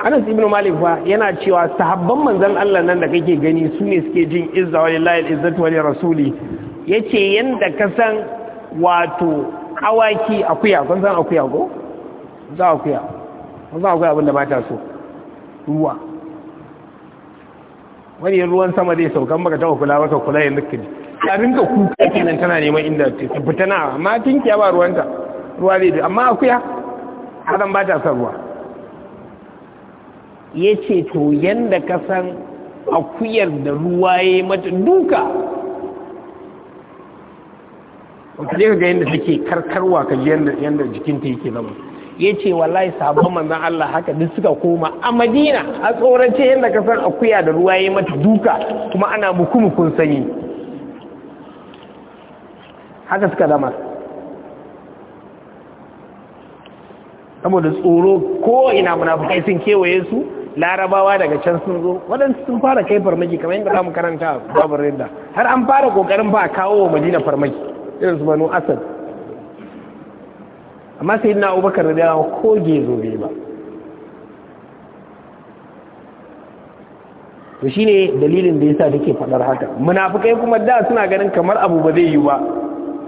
Anas ibn Malik fa yana cewa sahabban manzon Allah nan da kake gani su ne suke jin izza wa lillahi al-izzatu wa rasuli yace yanda ka san wato awaki akuya kun san akuya ko za a kuya za a kuya abinda ba ta so ruwa wani ruwan sama zai saukan baka taɓa kula baka kula yanzu ka abin ka kuka kenan tana neman inda ta fita na amma tinkiya ba ruwanta ruwa zai amma akuya hadan ba ta san ruwa ya ce to yanda ka san akuyar da ruwa ya mata duka wata je ka ga yadda take karkarwa ka ji yadda jikinta yake zama ya ce wallahi sabon manzan Allah haka duk suka koma a madina a tsorace yadda ka san akuya da ruwa ya mata duka kuma ana mukumukun sanyi haka suka zama saboda tsoro ko ina munafukai sun kewaye su larabawa daga can sun zo waɗansu sun fara kai farmaki kamar yadda zamu karanta babu rinda har an fara kokarin ba kawo wa madina farmaki irin su banu asad amma sai na abubakar da yawon koge zobe ba to shi ne dalilin da ya yasa take faɗar haka munafukai kuma da suna ganin kamar abu ba zai yi ba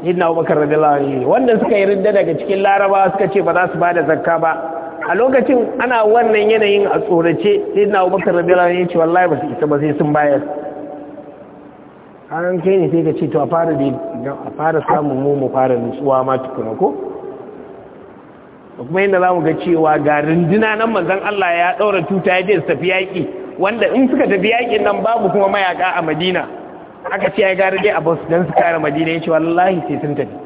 na abubakar yawon yi wanda suka yi ridda daga cikin laraba suka ce ba za su bada zakka ba a lokacin ana wannan yanayin a tsorace sai na abubakar da yawon yi ce wallahi ba su isa ba sai sun bayar an kai ne sai ka ce to a fara samun mu fara nutsuwa ma tukuna ko da kuma yadda za mu ga cewa ga rinduna nan manzan Allah ya ɗaura tuta ya je su tafi yaƙi wanda in suka tafi yaƙin nan babu kuma mayaƙa a madina aka ce ya gari dai a basu don su kare madina ya ce wallahi sai sun tafi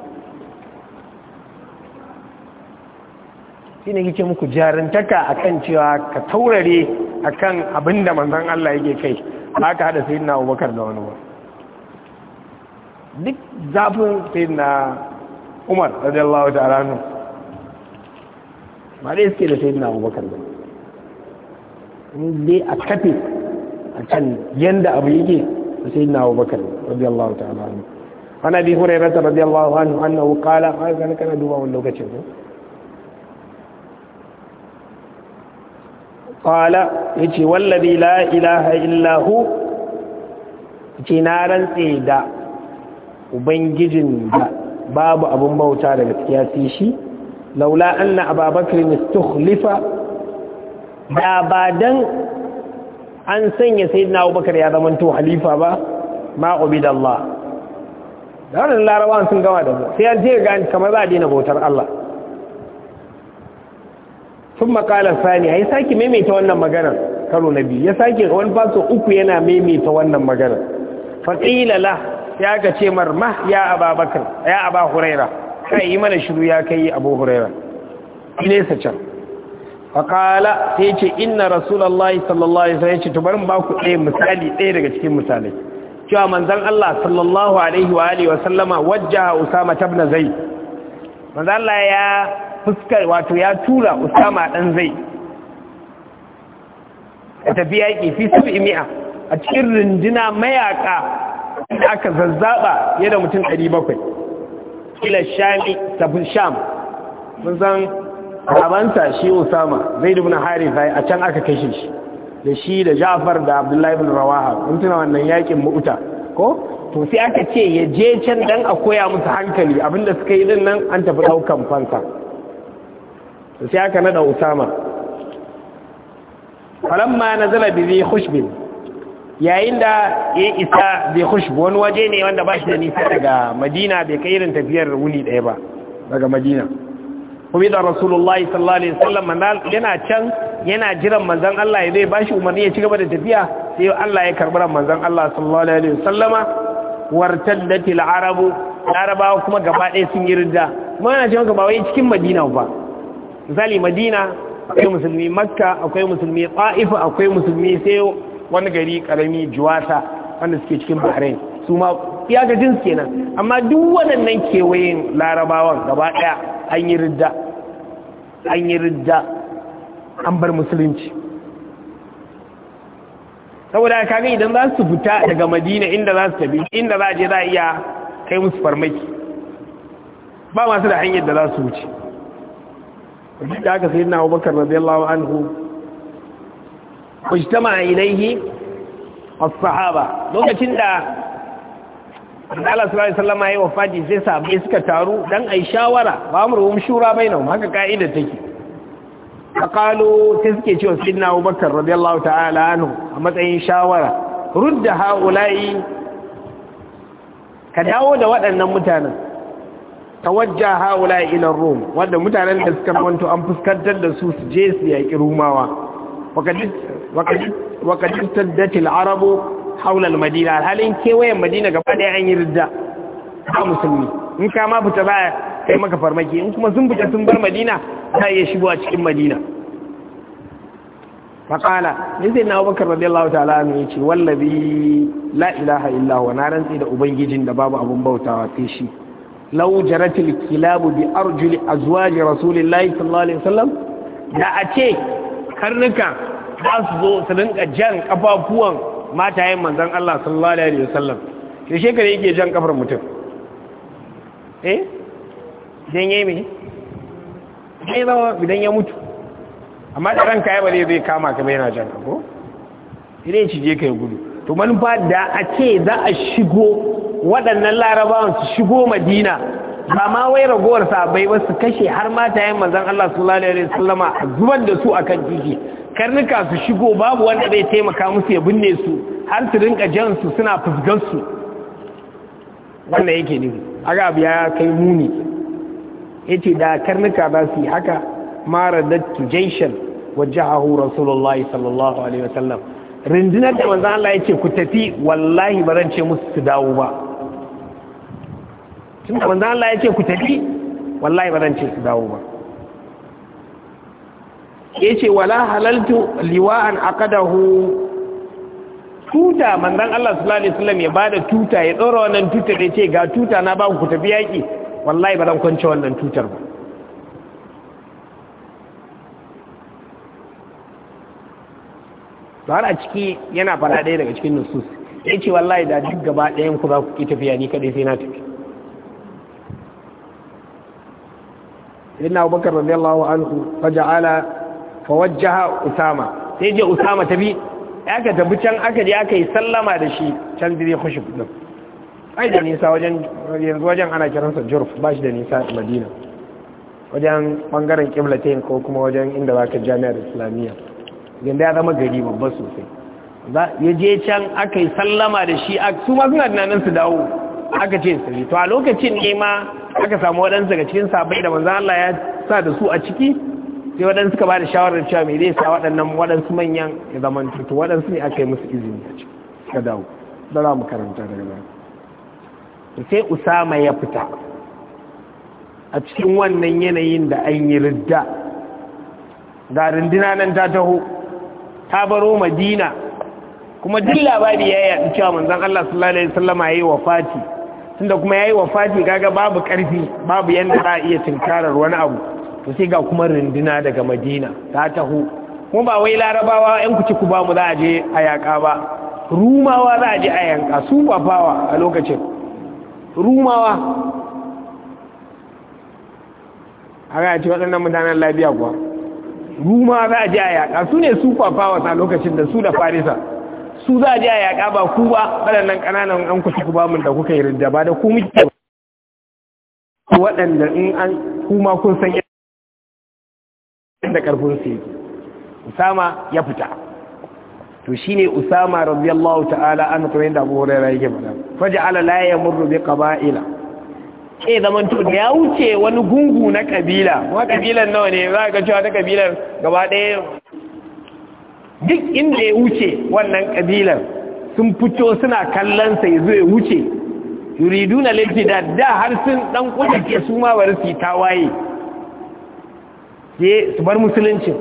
shi ne muku jarintaka kan cewa ka taurare akan abin da manzan Allah yake kai ba ka haɗa sai na abubakar da wani ba duk zafin sai na umar radiyallahu ta'ala ba dai suke da sai na abubakar ba in dai a kafe a kan yanda abu yake da sai na abubakar radiyallahu ta'ala anhu bi abi hurairah radiyallahu anhu annahu qala a kana kana duba wani lokacin ko qala yace wallazi la ilaha illahu ya ce na rantse da ubangijin da babu abin bauta daga tsiyasi shi laula anna ababakar istukhlifa da ba dan an sanya sayyidina abubakar ya zama to halifa ba ma ubidallah da wannan Larawa sun gama da mu sai an ce ga kamar za a dina bautar Allah sun makalar sani ya sake maimaita wannan maganar karo na biyu ya sake wani faso uku yana maimaita wannan maganar la ya ga ce mar ma ya ababakar ya aba huraira kai yi mana shiru ya kai abu huraira nesa can faƙala sai ce inna rasulallah sallallahu alaihi wasallam ce tubar ba ku ɗaya misali ɗaya daga cikin misalai cewa manzan Allah sallallahu alaihi wa alihi wasallama wajja usama tabna zai manzan Allah ya fuskar wato ya tura usama dan zai ya tafi yaƙi fi su mi'a a cikin runduna mayaƙa da aka zazzaba yadda mutum ɗari bakwai ila shami sham mun san rabanta shi usama zaid ibn harifa a can aka kashe shi da shi da ja'far da abdullahi ibn rawaha kun tuna wannan yakin mu'uta ko to sai aka ce ya je can dan a koya musu hankali abinda suka yi din nan an tafi daukan fansa to sai aka nada usama falamma nazala bi khushbin yayin da ya isa bai khushbu wani waje ne wanda ba shi da nisa daga madina bai kai irin tafiyar wuni ɗaya ba daga madina kuma da rasulullahi sallallahu alaihi wasallam yana can yana jiran manzon Allah ya zai ba shi umarni ya ci gaba da tafiya sai Allah ya karbi manzon Allah sallallahu alaihi wasallama wartaddati al-arabu larabawa kuma gaba ɗaya sun yi ridda kuma yana cewa ba wai cikin madina ba misali madina akwai musulmi makka akwai musulmi ta'ifa akwai musulmi sai wani gari karami juwasa wanda suke cikin bahrain su ma ga jins kenan amma duk waɗannan kewayen larabawan gaba ɗaya an yi ridda an yi ridda an bar musulunci saboda ga idan za su fita daga madina inda za su tafi inda za a je za a iya kai musu farmaki ba masu da hanyar da za su wuce da aka sayi na abubakar radiyallahu anhu a ilaihi as-sahaba lokacin da Allah sallallahu alaihi wasallam wa Fadi sai sahabbai suka taru dan ai shawara ba mu ruwum shura bainahum haka kaida take faqalu sai suke cewa sayyidina Abubakar radiyallahu ta'ala anhu a matsayin shawara rudda haula'i ka dawo da waɗannan mutanen tawajja haula'i ila rum wanda mutanen da suka manto an fuskantar da su su je su yaƙi rumawa wa kadistar datil arabu haular madina alhalin kewayen madina gaba ɗaya an yi ridda musulmi in ka ma fita ba kai maka farmaki in kuma sun fita sun bar madina za iya shigo a cikin madina faƙala ne zai na abubakar radiyallahu ta'ala ne ya wallabi la ilaha illahu na rantsi da ubangijin da babu abun bautawa sai shi lau jaratil kilabu bi arjuli azwaji rasulillahi sallallahu alaihi wasallam da a ce karnuka za su zo su rinka jan kafafuwan matayen manzan Allah sallallahu alaihi wasallam da shekara yake jan kafar mutum eh dan yayi me sai zama bidan ya mutu amma da ranka ya bare zai kama ka yana jan kafo idan ci je kai gudu to manufa da a ce za a shigo waɗannan larabawan su shigo madina ba ma wai ragowar sa bai ba su kashe har yin manzon Allah sallallahu alaihi wasallama zubar da su akan titi karnuka su shigo babu wanda zai taimaka musu ya binne su har su rinka jan su suna fuskar su wannan yake ne aga abu ya kai muni yace da karnuka za su haka mara da tujaishan wajahu rasulullahi sallallahu alaihi wasallam rindinar da manzon Allah yace ku tafi wallahi ba zan ce musu su dawo ba tun da manzan Allah ya ce ku tafi wallahi ba zan ce su dawo ba ya ce wala halaltu liwa'an aqadahu tuta manzan Allah sallallahu alaihi wasallam ya bada tuta ya tsora wannan tuta da ce ga tuta na ba ku tafi yaki wallahi ba zan kwance wannan tutar ba to har a ciki yana fara ɗaya daga cikin nusus ya ce wallahi da duk gaba ɗayan ku za ku ki tafiya ni kadai sai na tafi sayyidina abubakar radiyallahu anhu faja'ala fawajjaha usama sai je usama tabi aka tabi can aka je aka yi sallama da shi can zai khushuf din ai da nisa wajen yanzu wajen ana kiransa jurf ba shi da nisa a madina wajen bangaren kiblatain ko kuma wajen inda za ka jami'ar islamiyya yanda ya zama gari babba sosai ya je can aka yi sallama da shi su ma suna tunanin su dawo aka ce su to a lokacin ne ma aka samu waɗansu daga cikin sabai da manzo Allah ya sa da su a ciki sai waɗansu suka ba da shawarar cewa me zai sa waɗannan waɗansu manyan ya zama tutu waɗansu ne aka yi musu izini a ciki ka dawo da za mu karanta daga baya sai usama ya fita a cikin wannan yanayin da an yi ridda ga rundina nan ta taho ta baro madina kuma duk labari ya yaɗu cewa manzan Allah sallallahu alaihi wasallama ya yi wa fati tunda kuma yayi wafati kaga babu karfi babu yanda za a iya tinkarar wani abu to sai ga kuma rinduna daga Madina ta taho kuma ba wai larabawa yan kuci ku ba mu za a je a yaƙa ba rumawa za a je a yanka su ba fawa a lokacin rumawa a ce waɗannan mutanen lafiya kuwa rumawa za a je a yaƙa su ne su kwafawa a lokacin da su da farisa su za a ji a yaƙa ba ku ba waɗannan ƙananan an kusa ku bamun da kuka yi rinda ba da ku muke waɗanda in an kuma kun san yadda ƙarfin su usama ya fita to shi ne usama radiyallahu ta'ala an kuma yadda abu hurairah yake faɗa faj'ala la yamurru bi qaba'ila ke zaman to da ya wuce wani gungu na kabila wa kabilan nawa ne za ka ga cewa ta kabilan gaba ɗaya duk inda ya wuce wannan kabilar sun fito suna kallon sai zo ya wuce yuriduna lintida da har sun dan kuɗe su ma bari su tawaye ke su bar musulunci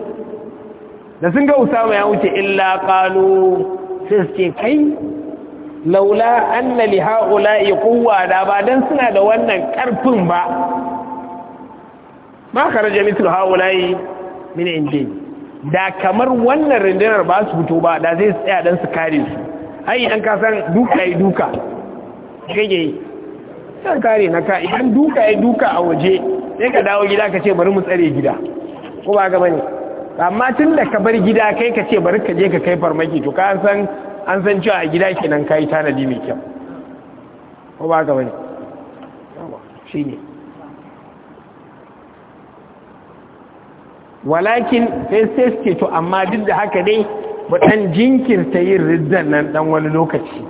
da sun ga usama ya wuce illa qalu sai suke kai laula anna li haula'i quwwa da ba dan suna da wannan karfin ba ma kharaja mithlu haula'i min indini da kamar wannan rindinar ba su fito ba da zai tsaya don su kare su ai idan ka san duka ya duka gage sai kare na ka idan duka ya duka a waje sai ka dawo gida ka ce bari mu tsare gida ko ba ga bane amma tun da ka bar gida kai ka ce bari ka je ka kai farmaki to ka san an san cewa a gida kenan kai tanadi mai kyau ko ba ga bane shi ne walakin sai sai suke to amma duk da haka dai ba ɗan jinkirta yin riddan nan ɗan wani lokaci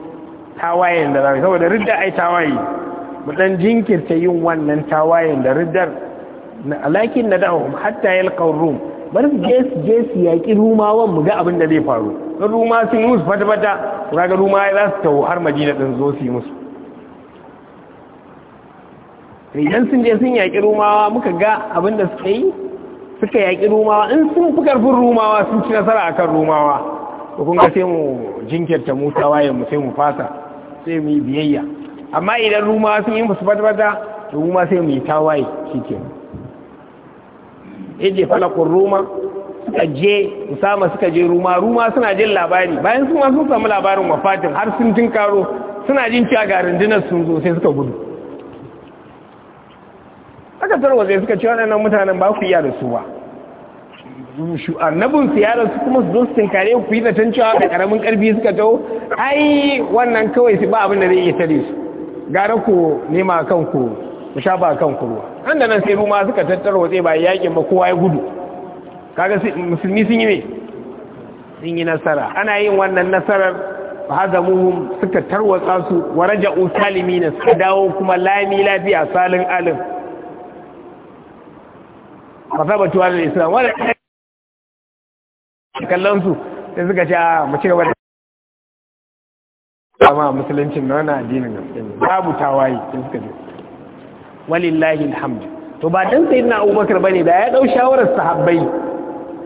tawayen da zai saboda ridda ai tawaye ba ɗan jinkirta yin wannan tawayen da riddar alakin na har hatta yalqaw rum bari su je su je su yaƙi rumawan mu ga abin da zai faru don ruma sun yi musu fata-fata ga ruma ya za su tawo har madina ɗin zo su yi musu idan sun je sun yaƙi rumawa muka ga abin da suka yi suka yaƙi rumawa in sun fi ƙarfin rumawa sun ci nasara a kan rumawa to kun ga sai mu jinkirta musa waye mu sai mu fasa sai mu yi biyayya amma idan rumawa sun yi musu fata to mu ma sai mu yi tawaye shike yadda falakun ruma suka je musama suka je ruma ruma suna jin labari bayan sun ma sun samu labarin wafatin har sun tinkaro suna jin cewa ga rundunar sun zo sai suka gudu aka zai suka ce waɗannan mutanen ba ku iya da su ba annabin su ya rasu kuma su zo su tinkare ku yi zaton cewa da karamin karfi suka ta'u, ai wannan kawai su ba abin da zai iya tare su gara ku nema kan ku ku sha ba ku ruwa an da nan sai ruma suka tattara watsi ba yakin ba kowa ya gudu kaga musulmi sun yi ne sun yi nasara ana yin wannan nasarar ba suka tarwatsa su waraja Salimi na suka dawo kuma lami lafiya salin alin masabatu ala islam wala kallon su sai suka ce a mu ci gaba da amma musuluncin na wani addinin gaske ne babu tawaye sai suka ce walillahi alhamdu to ba dan sayyidina abubakar bane da ya dau shawarar sahabbai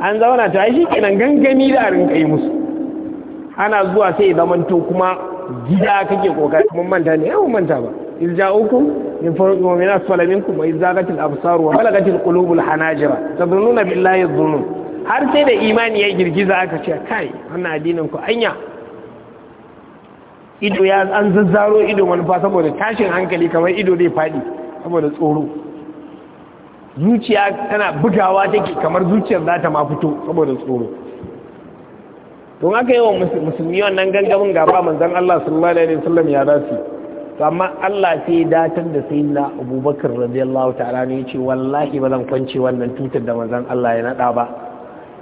an zauna ta shi kenan gangami da arin yi musu ana zuwa sai ya zamanto kuma gida kake kokarin mun manta ne mun manta ba إذ جاءوكم من فوق ومن أسفل منكم وإذ زاغت الأبصار وبلغت القلوب الحناجر تظنون بالله الظنون har sai da imani ya girgiza aka ce kai wannan addinin ku anya ido ya an zazzaro ido manufa saboda tashin hankali kamar ido zai faɗi saboda tsoro zuciya tana bugawa take kamar zuciyar za ta ma fito saboda tsoro don aka yi wa musulmi wannan gangamin gaba manzan Allah sallallahu alaihi wasallam ya dace to amma Allah sai ya datar da sayyidina Abubakar radiyallahu ta'ala ne ya ce wallahi ba zan kwance wannan tutar da mazan Allah ya naɗa ba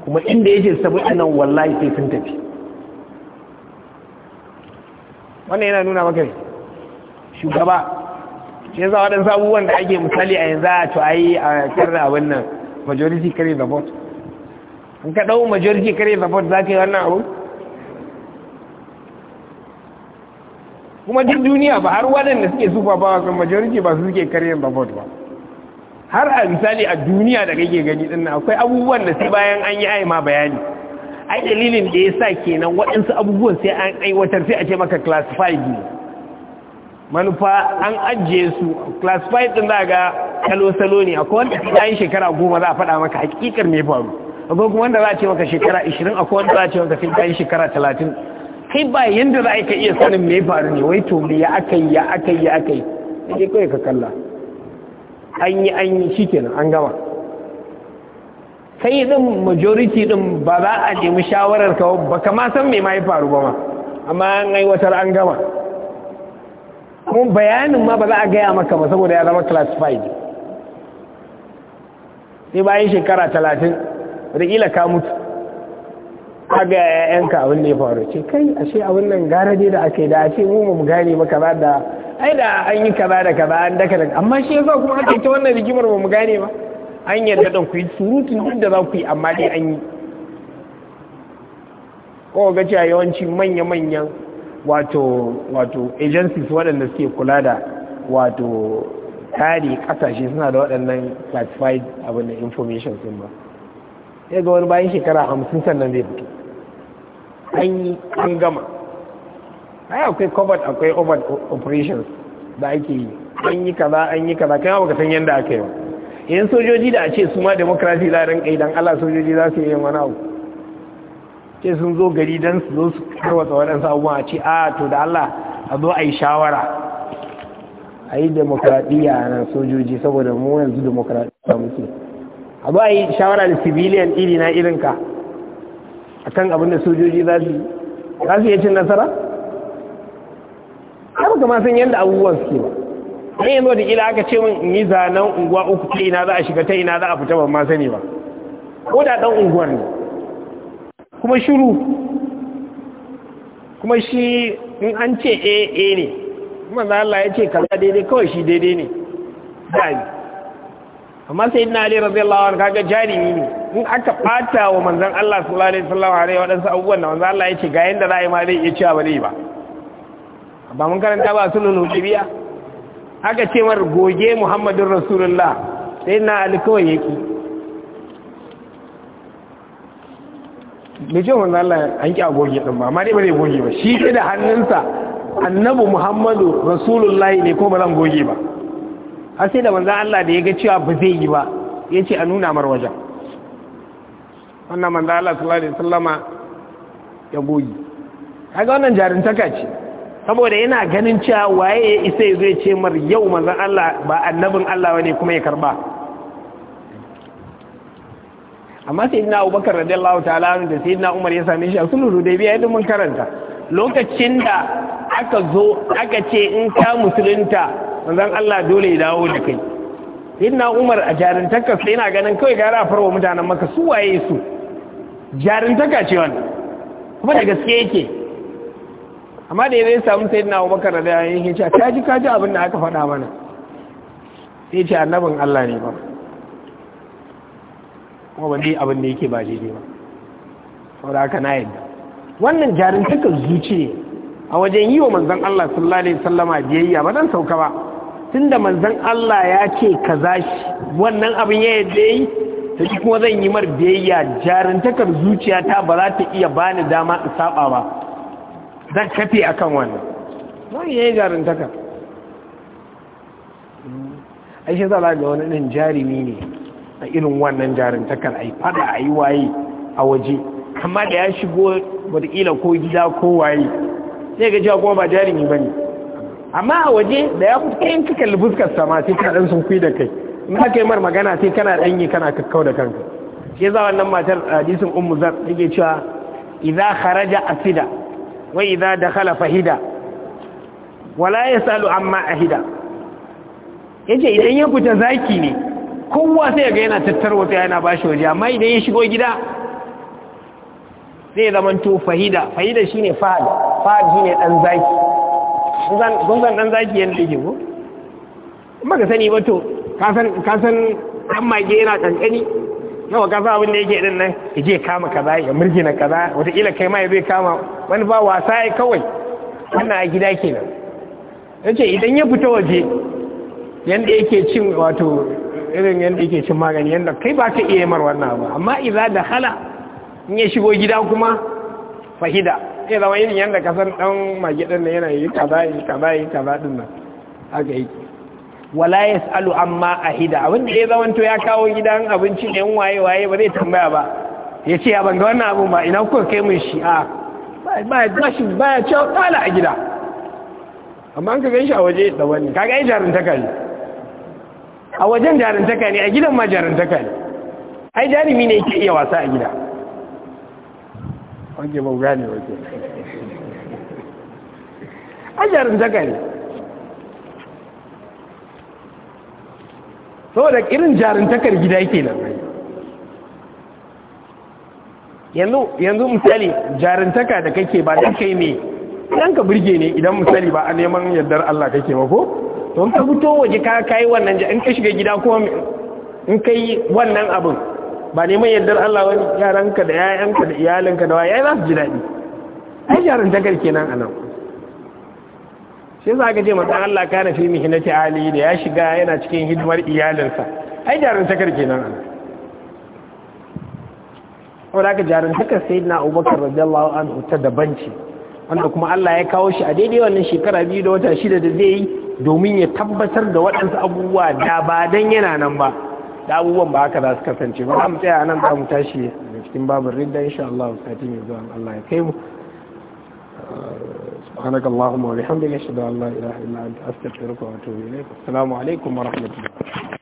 kuma inda yake sabu nan wallahi sai sun tafi wannan yana nuna maka shugaba shi yasa waɗansu abubuwan da ake misali a yanzu a tuwaye a karra abin nan majority carry the vote in ka ɗau majority carry the vote za ka yi wannan abu kuma duk duniya ba har waɗanda suke sufa ba kan majority ba su suke karyar ba vote ba har a misali a duniya da kake gani din akwai abubuwan da sai bayan an yi aima ma bayani ai dalilin da yasa kenan waɗansu abubuwan sai an aiwatar sai a ce maka classified ne manufa an ajiye su classified din daga ga salo ne akwai wanda sai ɗayan shekara goma za a faɗa maka hakikar me faru akwai kuma wanda za a ce maka shekara 20 akwai wanda za a ce maka sai shekara 30 kai ba yanda za ka iya sanin me faru ne wai to me ya aka yi ya aka yi ya aka yi sai kai ka kalla an yi an yi shikenan an gama kai din majority din ba za a nemi shawarar ka ba kama san me ma ya faru ba ma amma an aiwatar an gama kuma bayanin ma ba za a gaya maka ba saboda ya zama classified sai bayan shekara talatin ila ka mutu ka ga yayanka abin da ya faru ce kai ashe a wannan gara dai da aka yi da ashe mu mu gane ba da ai da an yi kaza da kaza an daka da amma shi yasa kuma aka ta wannan rigimar ba mu gane ba an yarda da ku yi surutun duk da za ku yi amma dai an yi ko ga cewa yawanci manya-manyan wato wato agencies waɗanda suke kula da wato kare kasashe suna da waɗannan classified abin da information sun ba ya ga wani bayan shekara hamsin sannan zai fito an yi an gama ai akwai covert akwai overt operations da ake yi an yi kaza an yi kaza kai ka san yadda aka yi yan sojoji da a ce su ma demokrasi za ran kai dan Allah sojoji za su yi wani abu ce sun zo gari dan su zo su karwata waɗansu abubuwa a ce a to da Allah a zo a yi shawara a yi demokradiyya na sojoji saboda mu yanzu demokradiyya muke a zo a yi shawara da civilian iri na irinka akan abin da sojoji za su za su yi cin nasara har kama san yadda abubuwan suke ba dan yanzu da kila aka ce min in yi zanen unguwa uku ta ina za a shiga ta ina za a fita ban ma sani ba ko da dan unguwar ne kuma shiru kuma shi in an ce a a ne kuma Allah ya ce kaza daidai kawai shi daidai ne ba amma sai ina ali radiyallahu anhu kaga jarimi ne in aka fata wa manzon Allah sallallahu alaihi wasallam alaihi wadansu abubuwan da manzon Allah ce ga yanda za a yi ma zai iya cewa ba zai ba ba mun karanta ba sunan hudibiya aka ce mar goge muhammadin rasulullah sai na ali kawai yake bai ce wanda Allah an ki a goge din ba amma dai ba zai goge ba shi da hannunsa annabi muhammadu rasulullahi ne ko ba zan goge ba A sai da manzan Allah da ya ga cewa ba zai yi ba ya ce a nuna mar wajen wannan manzan Allah sallallahu alaihi wasallama ya goyi kaga wannan jarintaka ce saboda yana ganin cewa waye ya isa ya zai ce mar yau manzan Allah ba annabin Allah bane kuma ya karba amma sai ina abubakar radiyallahu ta'ala da sai ina umar ya same shi a sulhu da biya yadda mun karanta lokacin da aka zo aka ce in ka musulunta zan Allah dole ya dawo da kai inna Umar a jarintaka sai yana ganin kawai gara a farwa mutanen maka su waye su jarintaka ce wannan kuma da gaske yake amma da zai samu sai na Abubakar da yayin yake cewa kaji kaji abin da aka faɗa mana sai ce annabin Allah ne ba kuma ban dai abin da yake ba daidai ba saboda haka na yadda wannan jarintaka zuci ne a wajen yi wa manzon Allah sallallahu alaihi wasallama biyayya ba dan sauka ba tunda manzon Allah ya ce ka shi wannan abin ya yadda yi ta ji kuma zan yi mar biyayya jarantakar zuciyata ba za ta iya bani dama in saba ba zan kafe a kan wannan zan yi jarantakar shi za ga wani nan jarumi ne a irin wannan jarantakar a yi fada a yi waye a waje amma da ya shigo wataƙila ko gida ko waye sai ga cewa kuma ba jarumi ba ne amma a waje da ya fito in ka kalli fuskar sama sai kana dan sun da kai in ka kai mar magana sai kana dan yi kana kakkau da kanka shi yasa wannan matar hadisin ummu zar yake cewa idza kharaja asida wa idza dakhala fahida wala yasalu amma ahida yace idan ya fita zaki ne kowa sai ga yana tattarwa sai yana bashi waje amma idan ya shigo gida zai to fahida fahida shine fahad fahad shine dan zaki kun san ɗan zaki yadda yake ko ba ka sani ba to kasan san ɗan mage yana ƙanƙani nawa ka sa abin da yake ɗin nan ya je kama kaza ya na kaza wataƙila kai ma ya zai kama wani ba wasa ya kawai wannan a gida kenan ya ce idan ya fita waje yadda yake cin wato irin yadda yake cin magani yadda kai ba ka iya mar wannan ba amma iza da hala in ya shigo gida kuma fahida sai zama irin yadda ka san dan mage yanayi ka yana yi kaza yi ka yi kaza din nan haka yi wala ya yasalu amma hida abin da ya to ya kawo gidan abinci da yan waye waye ba zai tambaya ba ya ce ya banga wannan abun ba ina kuka kai mun shi a ba ya shi ba ya ce kala a gida amma an ka gan shi a waje da wani ka ai jarintaka ne a wajen jarintaka ne a gidan ma jarin ne ai jarumi ne yake iya wasa a gida wanke ba gane wace ajarin zaka ne saboda irin jarintakar gida yake nan yanzu misali jarintaka da kake ba da kai ne idan ka burge ne idan misali ba a neman yardar Allah kake ba ko to in ka fito waje ka kai wannan in ka shiga gida ko in kai wannan abin ba neman yardar Allah wani yaranka da yayanka da iyalinka da waye za su ji daɗi ai yaran takar kenan a nan shi za ka ce mata Allah ka na fi ta ali da ya shiga yana cikin hidimar iyalinsa ai jarin takar kenan a nan wanda aka jarin haka sai na abubakar radiyallahu anhu ta daban ce wanda kuma Allah ya kawo shi a daidai wannan shekara biyu da wata shida da zai yi domin ya tabbatar da waɗansu abubuwa da ba dan yana nan ba da abubuwan ba haka za su kasance ba mu tsaya nan za mu tashi daga cikin babin ridda insha Allah sati mai zuwa Allah ya kai mu سبحانك اللهم وبحمدك اشهد ان لا اله الا انت استغفرك واتوب اليك السلام عليكم ورحمه الله